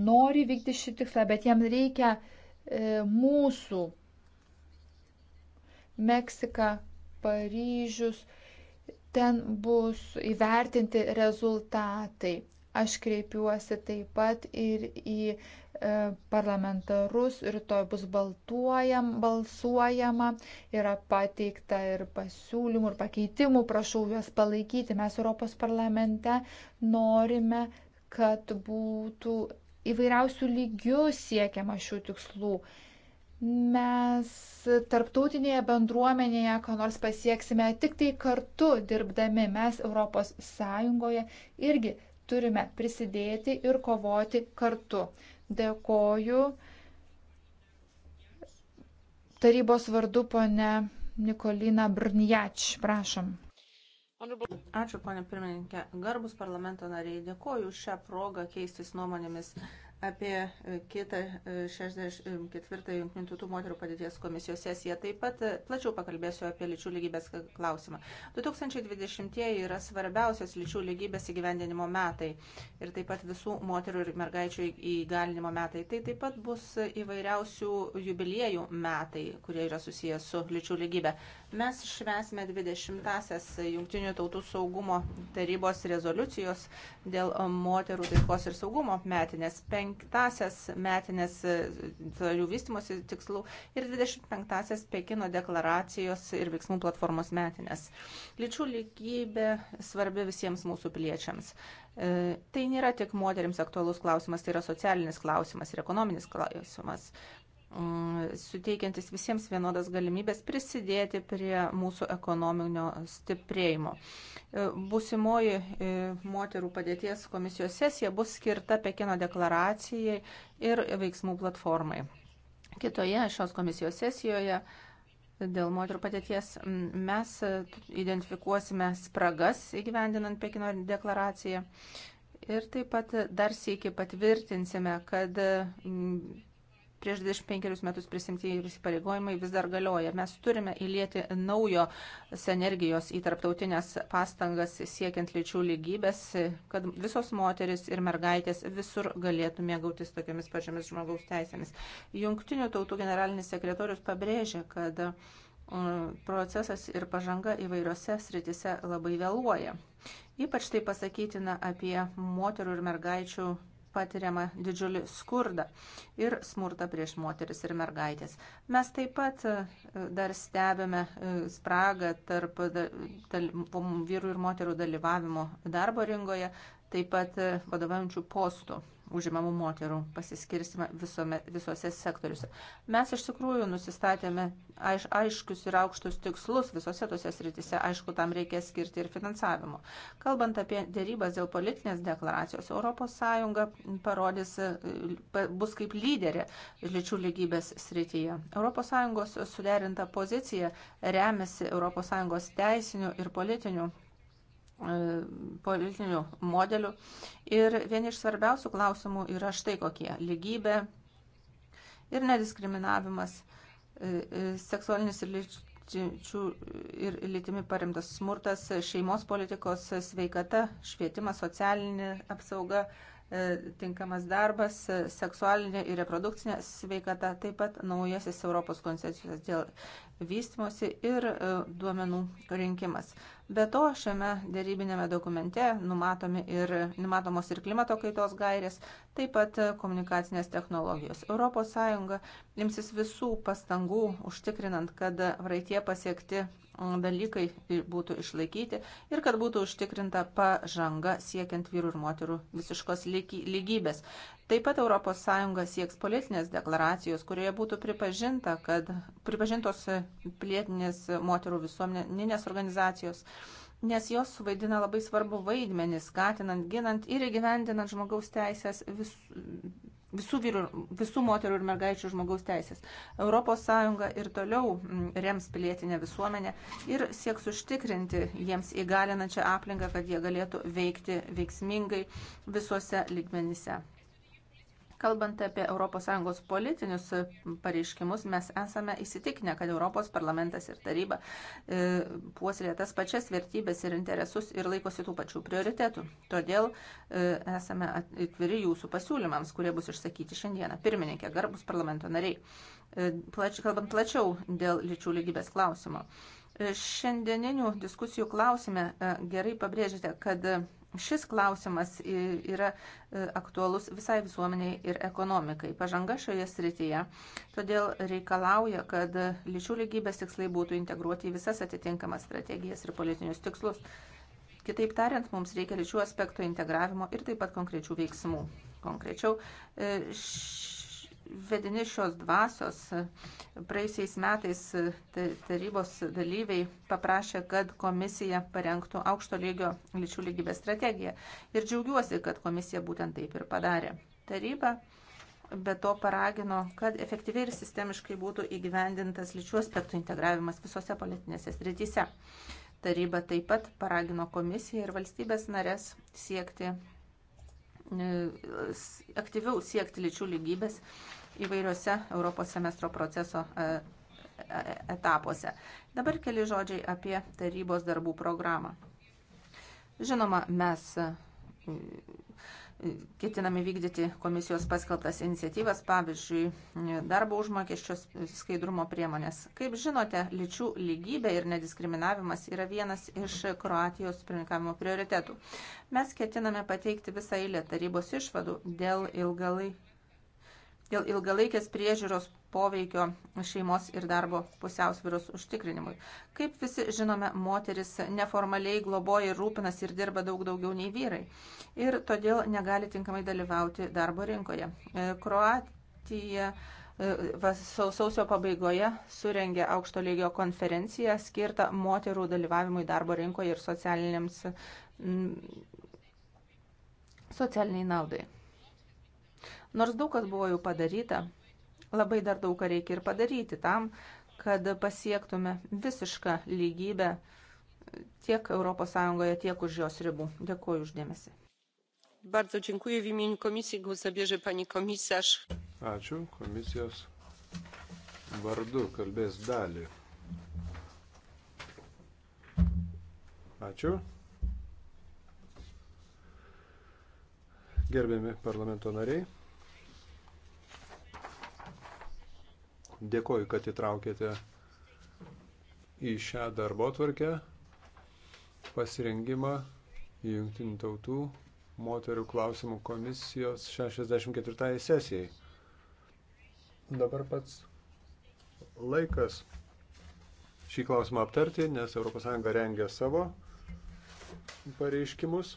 nori vykti šį tikslą, bet jam reikia e, mūsų. Meksika, Paryžius, ten bus įvertinti rezultatai. Aš kreipiuosi taip pat ir į e, parlamentarus, rytoj bus baltuojam, balsuojama, yra pateikta ir pasiūlymų, ir pakeitimų, prašau juos palaikyti. Mes Europos parlamente norime kad būtų įvairiausių lygių siekiama šių tikslų. Mes tarptautinėje bendruomenėje, ko nors pasieksime tik tai kartu dirbdami, mes ES irgi turime prisidėti ir kovoti kartu. Dėkoju tarybos vardu ponę Nikolina Brnjač, prašom. Ačiū, ponė pirmininkė. Garbus parlamento nariai, dėkoju šią progą keistis nuomonėmis apie kitą 64 e, e, Junktinių tautų moterų padėties komisijos sesiją. Taip pat e, plačiau pakalbėsiu apie lyčių lygybės klausimą. 2020 yra svarbiausias lyčių lygybės įgyvendinimo metai ir taip pat visų moterų ir mergaičių įgalinimo metai. Tai taip pat bus įvairiausių jubiliejų metai, kurie yra susijęs su lyčių lygybė. Mes švesime 20-asias Junktinių tautų saugumo tarybos rezoliucijos dėl moterų taikos ir saugumo metinės, 5-asias metinės e, tvarių vystimosi tikslų ir 25-asias Pekino deklaracijos ir veiksmų platformos metinės. Lyčių lygybė svarbi visiems mūsų piliečiams. E, tai nėra tik moteriams aktualus klausimas, tai yra socialinis klausimas ir ekonominis klausimas suteikiantis visiems vienodas galimybės prisidėti prie mūsų ekonominio stiprėjimo. E, Būsimoji e, moterų padėties komisijos sesija bus skirta Pekino deklaracijai ir veiksmų platformai. Kitoje šios komisijos sesijoje dėl moterų padėties mes identifikuosime spragas įgyvendinant Pekino deklaraciją ir taip pat dar sėki patvirtinsime, kad prieš 25 metus prisimti ir įsipareigojimai vis dar galioja. Mes turime įlėti naujo energijos į tarptautinės pastangas siekiant lyčių lygybės, kad visos moteris ir mergaitės visur galėtų mėgautis tokiamis pačiamis žmogaus teisėmis. Jungtinių tautų generalinis sekretorius pabrėžia, kad uh, procesas ir pažanga įvairiose sritise labai vėluoja. Ypač tai pasakytina apie moterų ir mergaičių patiriama didžiulį skurdą ir smurtą prieš moteris ir mergaitės. Mes taip pat e, dar stebime e, spragą tarp vyrų ir moterų dalyvavimo darbo rinkoje, taip pat e, vadovaujančių postų užimamų moterų pasiskirstimą visome, visose sektoriuose. Mes iš tikrųjų nusistatėme aiš, aiškius ir aukštus tikslus visose tose sritise, aišku, tam reikės skirti ir finansavimo. Kalbant apie dėrybas dėl politinės deklaracijos, ES parodys, bus kaip lyderė lyčių lygybės srityje. ES suderinta pozicija remiasi ES teisinių ir politinių E, politinių modelių. Ir vieni iš svarbiausių klausimų yra štai kokie - lygybė ir nediskriminavimas, e, e, seksualinis ir lyčių ir lytimi paremtas smurtas, šeimos politikos sveikata, švietimas, socialinė apsauga, tinkamas darbas, seksualinė ir reprodukcinė sveikata, taip pat naujasis Europos koncepcijos dėl vystimosi ir duomenų rinkimas. Be to, šiame dėrybinėme dokumente numatomi ir, numatomos ir klimato kaitos gairės, taip pat komunikacinės technologijos. ES imsis visų pastangų užtikrinant, kad praeitie pasiekti dalykai būtų išlaikyti ir kad būtų užtikrinta pažanga siekiant vyrų ir moterų visiškos lygybės. Taip pat ES sieks politinės deklaracijos, kurioje būtų pripažinta, kad pripažintos pilietinės moterų visuomeninės organizacijos nes jos suvaidina labai svarbu vaidmenį, skatinant, ginant ir įgyvendinant žmogaus teisės vis, visų, vyrų, visų moterų ir mergaičių žmogaus teisės. ES ir toliau mm, rems pilietinę visuomenę ir sieks užtikrinti jiems įgalinančią aplinką, kad jie galėtų veikti veiksmingai visuose lygmenyse. Kalbant apie ES politinius pareiškimus, mes esame įsitikinę, kad Europos parlamentas ir taryba e, puoselė tas pačias vertybės ir interesus ir laikosi tų pačių prioritetų. Todėl e, esame atviri jūsų pasiūlymams, kurie bus išsakyti šiandieną. Pirmininkė, garbus parlamento nariai, e, plač, kalbant plačiau dėl lyčių lygybės klausimo. E, šiandieninių diskusijų klausime e, gerai pabrėžite, kad Šis klausimas yra e, aktualus visai visuomeniai ir ekonomikai. Pažanga šioje srityje todėl reikalauja, kad lyčių lygybės tikslai būtų integruoti į visas atitinkamas strategijas ir politinius tikslus. Kitaip tariant, mums reikia lyčių aspektų integravimo ir taip pat konkrečių veiksmų. Konkrečiau, e, š vedini šios dvasios praeisiais metais tarybos dalyviai paprašė, kad komisija parengtų aukšto lygio lyčių lygybės strategiją. Ir džiaugiuosi, kad komisija būtent taip ir padarė. Taryba be to paragino, kad efektyviai ir sistemiškai būtų įgyvendintas lyčių aspektų integravimas visose politinėse srityse. Taryba taip pat paragino komisiją ir valstybės narės siekti E, aktyviau siekti lyčių lygybės įvairiuose Europos semestro proceso e, e, etapuose. Dabar keli žodžiai apie tarybos darbų programą. Žinoma, mes ketiname vykdyti komisijos paskelbtas iniciatyvas, pavyzdžiui, darbo užmokesčio skaidrumo priemonės. Kaip žinote, lyčių lygybė ir nediskriminavimas yra vienas iš Kroatijos pirmininkavimo prioritetų. Mes ketiname pateikti visą eilę tarybos išvadų dėl ilgalai. Dėl ilgalaikės priežiūros poveikio šeimos ir darbo pusiausvyros užtikrinimui. Kaip visi žinome, moteris neformaliai globoja ir rūpinasi ir dirba daug daugiau nei vyrai ir todėl negali tinkamai dalyvauti darbo rinkoje. E, Kroatija e, sausio pabaigoje surengė aukšto lygio konferenciją skirtą moterų dalyvavimui darbo rinkoje ir socialiniams socialiniai naudai. Nors daug kas buvo jau padaryta, Labai dar daug ką reikia ir padaryti tam, kad pasiektume visišką lygybę tiek ES, tiek už jos ribų. Dėkuoju uždėmesi. Bardzo dziękuję. W imieniu komisji głos zabierze pani komisarz. Ačiū. Komisijos vardu kalbės dalį. Ačiū. Gerbiami parlamento nariai. Dėkoju, kad įtraukėte į šią darbo tvarkę pasirengimą Junktinių tautų moterių klausimų komisijos 64 sesijai. Dabar pats laikas šį klausimą aptarti, nes ES rengia savo pareiškimus.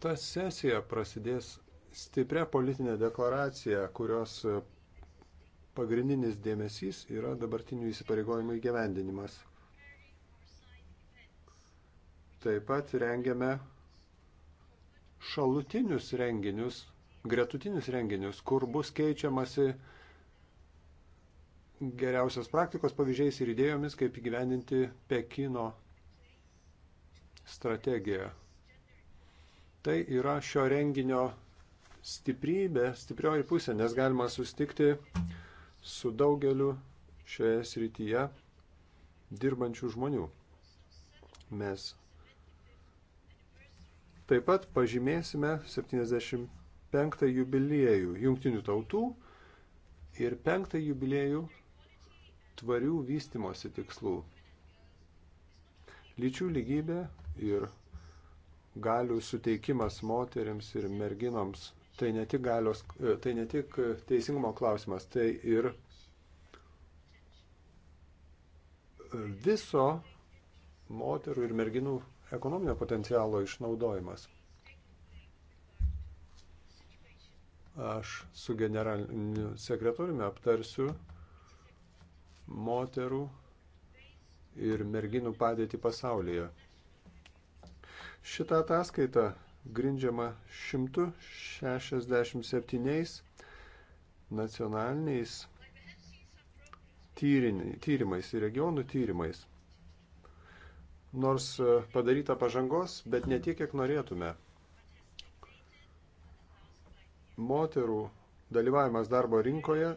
Ta sesija prasidės stiprią politinę deklaraciją, kurios pagrindinis dėmesys yra dabartinių įsipareigojimų įgyvendinimas. Taip pat rengiame šalutinius renginius, gretutinius renginius, kur bus keičiamasi geriausios praktikos pavyzdžiais ir idėjomis, kaip įgyvendinti Pekino strategiją. Tai yra šio renginio stiprybė, stiprioji pusė, nes galima sustikti su daugeliu šioje srityje dirbančių žmonių. Mes taip pat pažymėsime 75 jubiliejų jungtinių tautų ir 5 jubiliejų tvarių vystimosi tikslų. Lyčių lygybė ir galių suteikimas moteriams ir merginoms Tai ne tik, galios, e, tai ne tik teisingumo klausimas, tai ir viso moterų ir merginų ekonominio potencialo išnaudojimas. Aš su generaliniu sekretoriumi aptarsiu moterų ir merginų padėtį pasaulyje. Šitą ataskaitą grindžiama 167 nacionaliniais tyrimais ir regionų tyrimais. Nors e, padaryta pažangos, bet ne tiek, kiek norėtume. Moterų dalyvavimas darbo rinkoje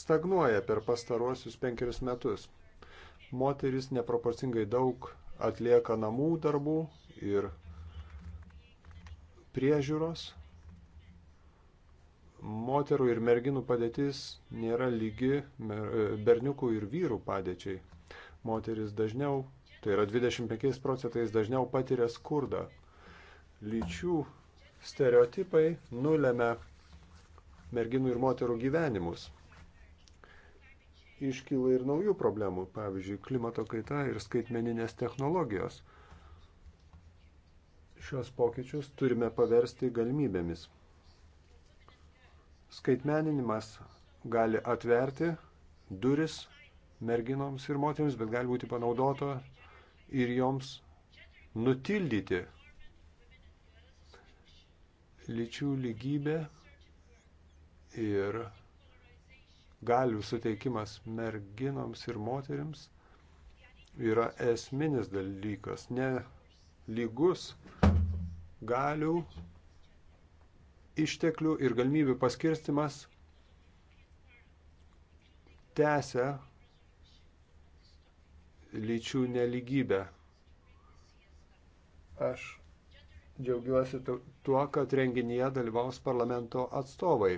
stagnuoja per pastaruosius penkerius metus. Moteris neproporcingai daug atlieka namų darbų ir priežiūros moterų ir merginų padėtis nėra lygi e, berniukų ir vyrų padėčiai. Moteris dažniau, tai yra 25 procentais dažniau patiria skurdą. Lyčių stereotipai nulėmė merginų ir moterų gyvenimus. Iškyla ir naujų problemų, pavyzdžiui, klimato kaita ir skaitmeninės technologijos – Šios pokyčius turime paversti galimybėmis. Skaitmeninimas gali atverti duris merginoms ir moteriams, bet gali būti panaudota ir joms nutildyti. Lyčių lygybė ir galių suteikimas merginoms ir moteriams yra esminis dalykas, ne lygus galių, išteklių ir galimybių paskirstimas tęsia lyčių neligybę. Aš džiaugiuosi tuo, kad renginyje dalyvaus parlamento atstovai.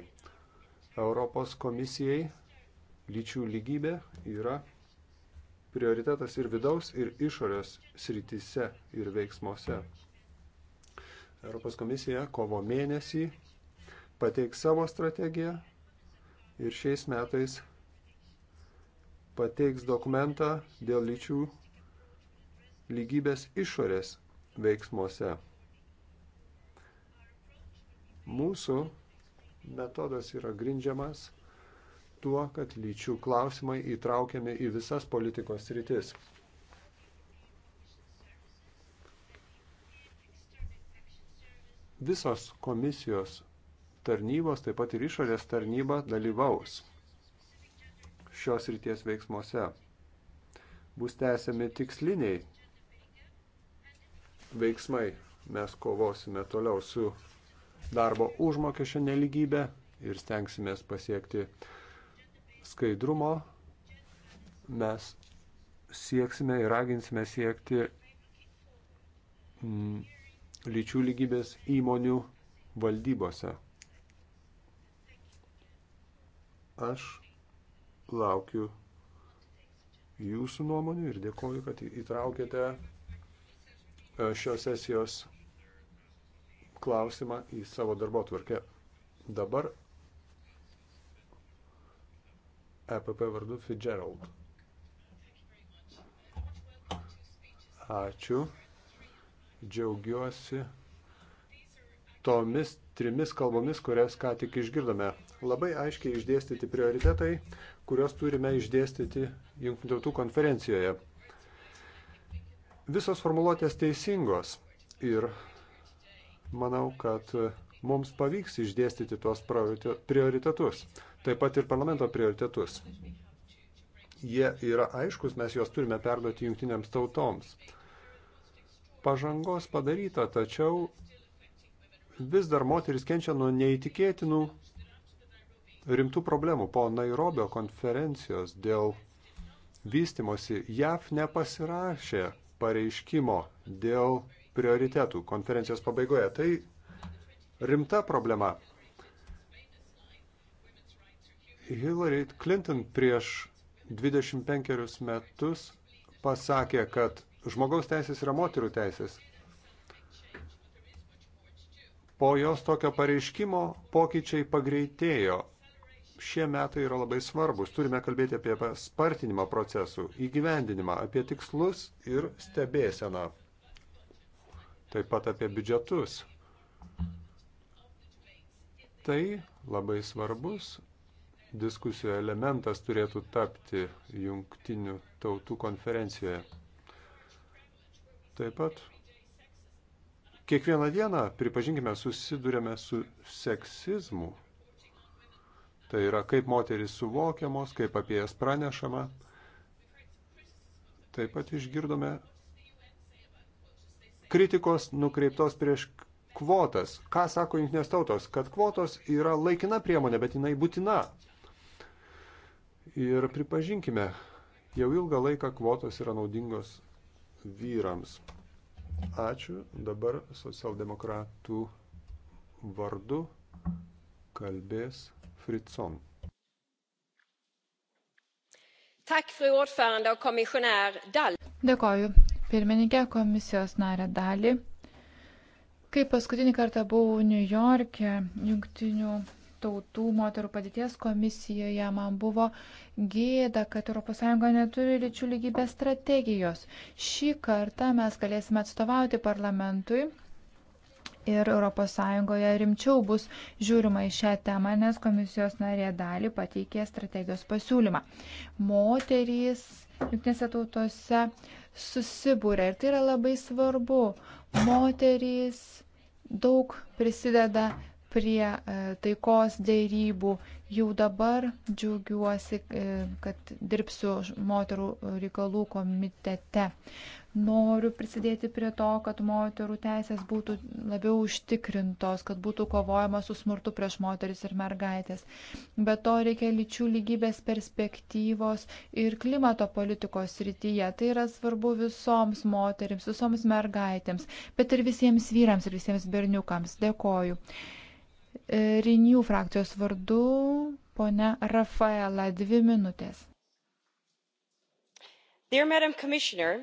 Europos komisijai lyčių lygybė yra prioritetas ir vidaus, ir išorės srityse ir veiksmuose. Europos komisija kovo mėnesį pateiks savo strategiją ir šiais metais pateiks dokumentą dėl lyčių lygybės išorės veiksmuose. Mūsų metodas yra grindžiamas tuo, kad lyčių klausimai įtraukiami į visas politikos rytis. Visos komisijos tarnybos, taip pat ir išorės tarnyba dalyvaus šios ryties veiksmuose. Bus tęsiami tiksliniai veiksmai. Mes kovosime toliau su darbo užmokesčio neligybė ir stengsimės pasiekti skaidrumo mes sieksime ir raginsime siekti mm, lyčių lygybės įmonių valdybose. Aš laukiu jūsų nuomonių ir dėkoju, kad įtraukėte e, šios sesijos klausimą į savo darbo tvarkę. Dabar EPP vardu Fitzgerald. Ačiū. Džiaugiuosi tomis trimis kalbomis, kurias ką tik išgirdome. Labai aiškiai išdėstyti prioritetai, kuriuos turime išdėstyti Junktinių tautų konferencijoje. Visos formuluotės teisingos ir manau, kad mums pavyks išdėstyti tuos prioritetus taip pat ir parlamento prioritetus. Jie yra aiškus, mes juos turime perduoti jungtinėms tautoms. Pažangos padaryta, tačiau vis dar moteris kenčia nuo neįtikėtinų rimtų problemų. Po Nairobio konferencijos dėl vystimosi JAF nepasirašė pareiškimo dėl prioritetų konferencijos pabaigoje. Tai rimta problema. Hillary Clinton prieš 25 metus pasakė, kad žmogaus teisės yra moterų teisės. Po jos tokio pareiškimo pokyčiai pagreitėjo. Šie metai yra labai svarbus. Turime kalbėti apie spartinimą procesų, įgyvendinimą, apie tikslus ir stebėseną. Taip pat apie biudžetus. Tai labai svarbus diskusijų elementas turėtų tapti jungtinių tautų konferencijoje. Taip pat kiekvieną dieną, pripažinkime, susidurėme su seksizmu. Tai yra, kaip moteris suvokiamos, kaip apie jas pranešama. Taip pat išgirdome kritikos nukreiptos prieš kvotas. Ką sako jungtinės tautos? Kad kvotos yra laikina priemonė, bet jinai būtina. Ir pripažinkime, jau ilgą laiką kvotos yra naudingos vyrams. Ačiū. Dabar socialdemokratų vardu kalbės Fritson. Dėkoju. Pirmininkė komisijos narė Dali. Kai paskutinį kartą buvau Niujorke, jungtinių tautų moterų padėties komisijoje man buvo gėda, kad ES neturi lyčių lygybės strategijos. Šį kartą mes galėsime atstovauti parlamentui. Ir ES rimčiau bus žiūrima į šią temą, nes komisijos narė dalį pateikė strategijos pasiūlymą. Moterys jungtinėse tautose susibūrė ir tai yra labai svarbu. Moterys daug prisideda prie e, taikos dėrybų. Jau dabar džiaugiuosi, e, kad dirbsiu moterų reikalų komitete. Noriu prisidėti prie to, kad moterų teisės būtų labiau užtikrintos, kad būtų kovojama su smurtu prieš moteris ir mergaitės. Be to reikia lyčių lygybės perspektyvos ir klimato politikos rytyje. Tai yra svarbu visoms moterims, visoms mergaitėms, bet ir visiems vyrams ir visiems berniukams. Dėkoju. E, Rinių frakcijos vardu ponia Rafaela dvi minutės. Dear Madam Commissioner,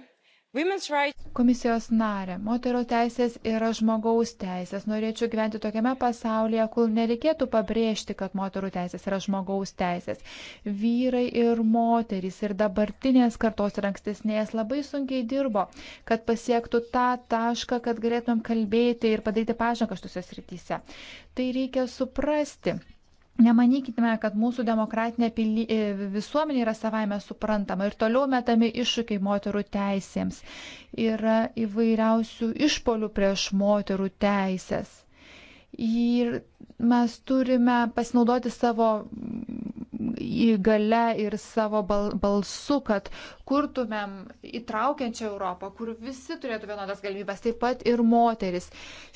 Komisijos narė, moterų teisės yra žmogaus teisės. Norėčiau gyventi tokiame pasaulyje, kur nereikėtų pabrėžti, kad moterų teisės yra žmogaus teisės. Vyrai ir moterys ir dabartinės kartos ir ankstesnės labai sunkiai dirbo, kad pasiektų tą tašką, kad galėtumėm kalbėti ir padaryti pažangą šiuose srityse. Tai reikia suprasti. Nemanykime, kad mūsų demokratinė pili... E, visuomenė yra savaime suprantama ir toliau metami iššūkiai moterų teisėms. Yra įvairiausių išpolių prieš moterų teisės. Ir mes turime pasinaudoti savo įgale ir savo bal, balsu, kad kurtumėm įtraukiančią Europą, kur visi turėtų vienodas galimybės, taip pat ir moteris.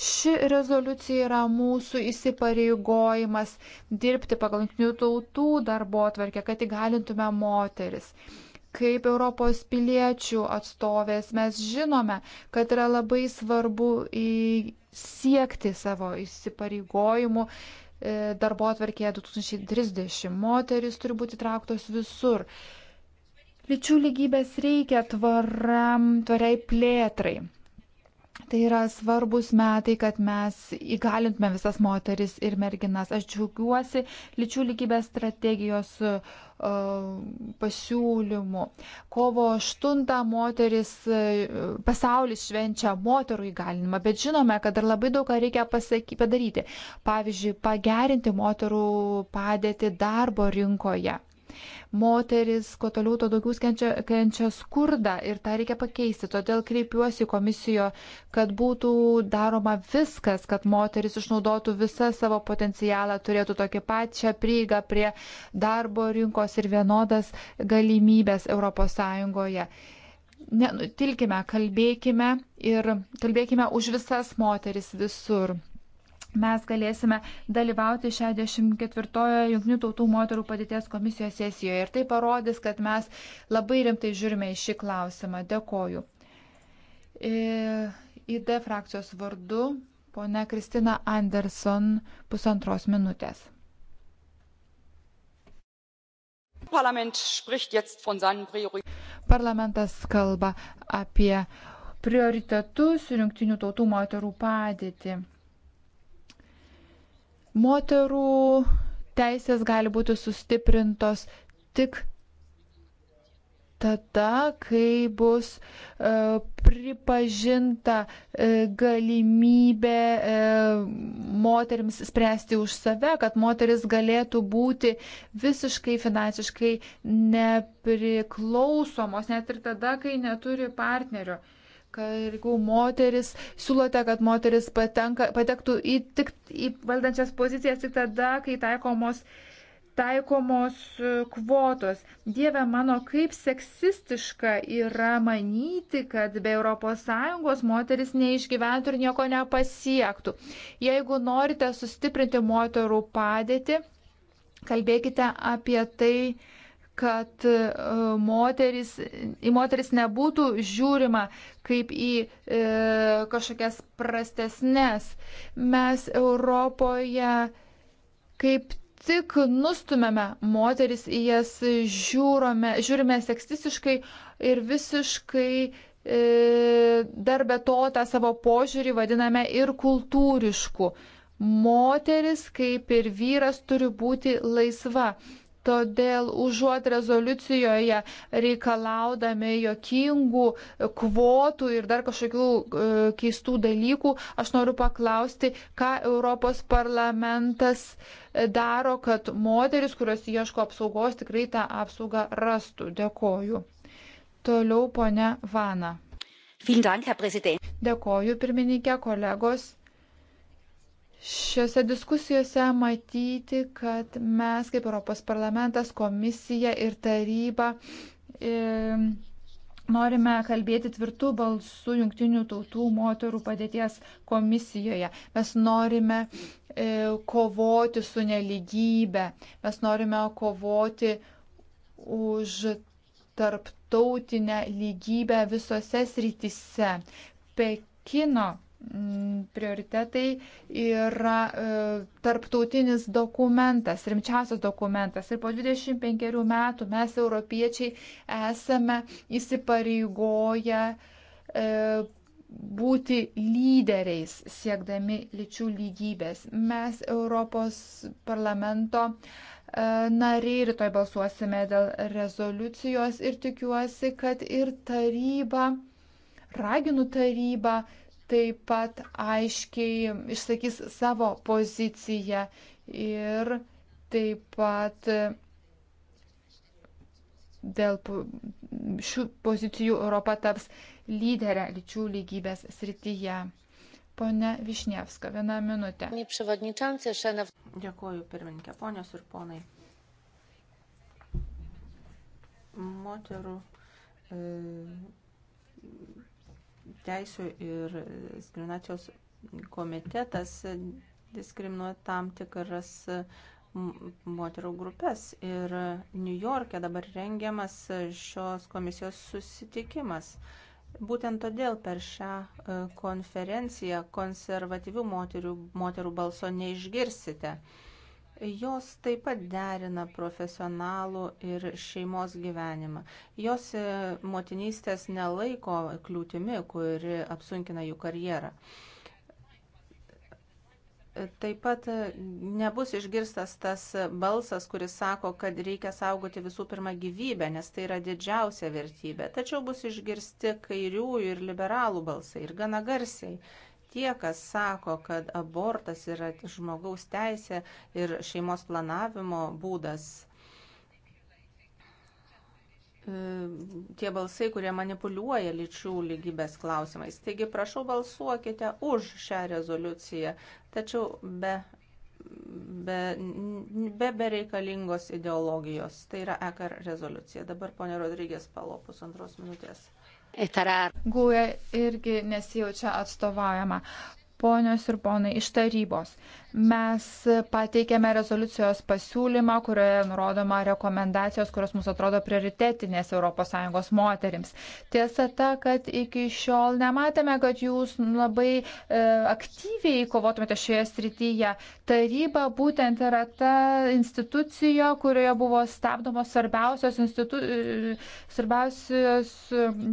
Ši rezoliucija yra mūsų įsipareigojimas dirbti pagal jungtinių tautų darbo atvarkę, kad įgalintume moteris kaip Europos piliečių atstovės mes žinome, kad yra labai svarbu siekti savo įsipareigojimų darbo atverkėje 2030. Moteris turi būti trauktos visur. Lyčių lygybės reikia tvaram, tvariai plėtrai. Tai yra svarbus metai, kad mes įgalintume visas moteris ir merginas. Aš džiaugiuosi lyčių lygybės strategijos uh, e, pasiūlymų. Kovo 8 moteris, uh, pasaulis švenčia moterų įgalinimą, bet žinome, kad dar labai daug ką reikia pasaky, padaryti. Pavyzdžiui, pagerinti moterų padėtį darbo rinkoje. Moteris, kuo toliau, tuo daugiau kenčia, kenčia skurdą ir tą reikia pakeisti. Todėl kreipiuosi komisijo, kad būtų daroma viskas, kad moteris išnaudotų visą savo potencialą, turėtų tokią pačią prieigą prie darbo rinkos ir vienodas galimybės ES. Nenutilkime, kalbėkime ir kalbėkime už visas moteris visur mes galėsime dalyvauti 64-ojo Junktinių tautų moterų padėties komisijos sesijoje. Ir tai parodys, kad mes labai rimtai žiūrime į šį klausimą. Dėkoju. E, ID frakcijos vardu ponia Kristina Anderson pusantros minutės. Parlamentas kalba apie prioritetus ir jungtinių tautų moterų padėtį. Moterų teisės gali būti sustiprintos tik tada, kai bus e, pripažinta e, galimybė e, moteriams spręsti už save, kad moteris galėtų būti visiškai finansiškai nepriklausomos, net ir tada, kai neturi partnerio. E, kad moteris, siūlote, kad moteris patenka, patektų į, tik, į valdančias pozicijas tik tada, kai taikomos taikomos e, kvotos. Dieve mano, kaip seksistiška yra manyti, kad be ES moteris neišgyventų ir nieko nepasiektų. Jeigu norite sustiprinti moterų padėtį, kalbėkite apie tai, kad e, moteris, į moteris nebūtų žiūrima kaip į e, kažkokias prastesnės. Mes Europoje kaip tik nustumėme moteris į jas, žiūrome, žiūrime sekstistiškai ir visiškai e, dar be to tą savo požiūrį vadiname ir kultūrišku. Moteris, kaip ir vyras, turi būti laisva. Todėl užuot rezoliucijoje reikalaudami jokingų kvotų ir dar kažkokių e, keistų dalykų, aš noriu paklausti, ką Europos parlamentas daro, kad moteris, kurios ieško apsaugos, tikrai tą apsaugą rastų. Dėkoju. Toliau ponia Vana. Dank, Herr Dėkoju, pirmininkė, kolegos. Šiuose diskusijose matyti, kad mes kaip Europos parlamentas, komisija ir taryba e, norime kalbėti tvirtų balsų jungtinių tautų moterų padėties komisijoje. Mes norime e, kovoti su neligybė, mes norime kovoti už tarptautinę lygybę visose srityse. Pekino Mm, prioritetai yra e, tarptautinis dokumentas, rimčiausias dokumentas. Ir po 25 metų mes, europiečiai, esame įsipareigoję e, būti lyderiais siekdami lyčių lygybės. Mes Europos parlamento e, nariai rytoj balsuosime dėl rezoliucijos ir tikiuosi, kad ir taryba, raginu tarybą taip pat aiškiai išsakys savo poziciją ir taip pat dėl šių pozicijų Europa taps lyderę lyčių lygybės srityje. Pone Višnievska, vieną minutę. Dėkuoju, pirmininkė, ponios ir ponai. Moterų e, teisų ir diskriminacijos komitetas diskriminuoja tam tikras moterų grupės. Ir New York'e dabar rengiamas šios komisijos susitikimas. Būtent todėl per šią e, konferenciją konservatyvių moterų, moterų balso neišgirsite. Jos taip pat derina profesionalų ir šeimos gyvenimą. Jos e, motinystės nelaiko kliūtimi, kuri apsunkina jų karjerą. Taip pat e, nebus išgirstas tas balsas, kuris sako, kad reikia saugoti visų pirma gyvybę, nes tai yra didžiausia vertybė. Tačiau bus išgirsti kairiųjų ir liberalų balsai ir gana garsiai tie, kas sako, kad abortas yra žmogaus teisė ir šeimos planavimo būdas, e, tie balsai, kurie manipuliuoja lyčių lygybės klausimais. Taigi prašau balsuokite už šią rezoliuciją, tačiau be, be, be bereikalingos ideologijos. Tai yra EKR rezoliucija. Dabar ponė Rodrygės palopus antros minutės. Gūja irgi nesijaučia atstovaujama. Ponios ir ponai iš tarybos, Mes pateikėme rezoliucijos pasiūlymą, kurioje nurodoma rekomendacijos, kurios mums atrodo prioritetinės ES moterims. Tiesa ta, kad iki šiol nematėme, kad jūs labai e, aktyviai kovotumėte šioje srityje. Taryba būtent yra ta institucija, kurioje buvo stabdomos svarbiausios, institu... E, svarbiausios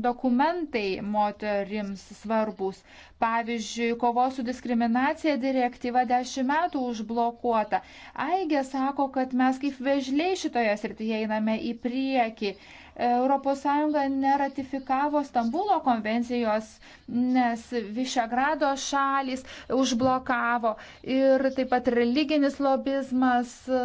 dokumentai moterims svarbus. Pavyzdžiui, kovos su diskriminacija direktyva 10. 20 metų užblokuota. Aigė sako, kad mes kaip vežliai šitoje srityje einame į priekį. ES neratifikavo Stambulo konvencijos, nes Višegrado šalis užblokavo ir taip pat religinis lobizmas e,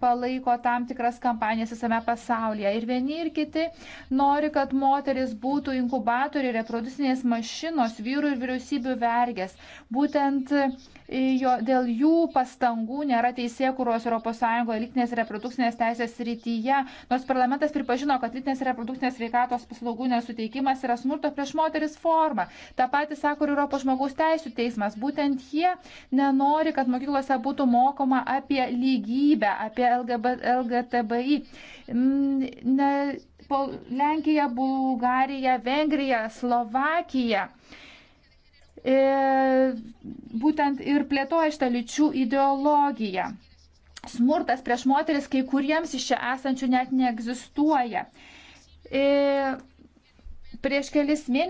palaiko tam tikras kampanijas visame pasaulyje. Ir vieni ir kiti nori, kad moteris būtų inkubatoriai reproducinės mašinos vyrų ir vyriausybių vergės. Būtent e, jo, dėl jų pastangų nėra teisėkuros ES lytinės reprodukcinės teisės rytyje, nors parlamentas pripažino, kad lytinės reprodukcinės sveikatos paslaugų nesuteikimas yra smurto prieš moteris forma. Ta pati sako ir Europos žmogaus teisų teismas. Būtent jie nenori, kad mokyklose būtų mokoma apie lygybę, apie LGTBI. Mm, ne, po Lenkiją, Bulgariją, Vengriją, Slovakiją e, būtent ir plėtoja šitą lyčių ideologiją smurtas prieš moteris kai kuriems iš čia esančių net neegzistuoja. E, prieš kelis mėnesius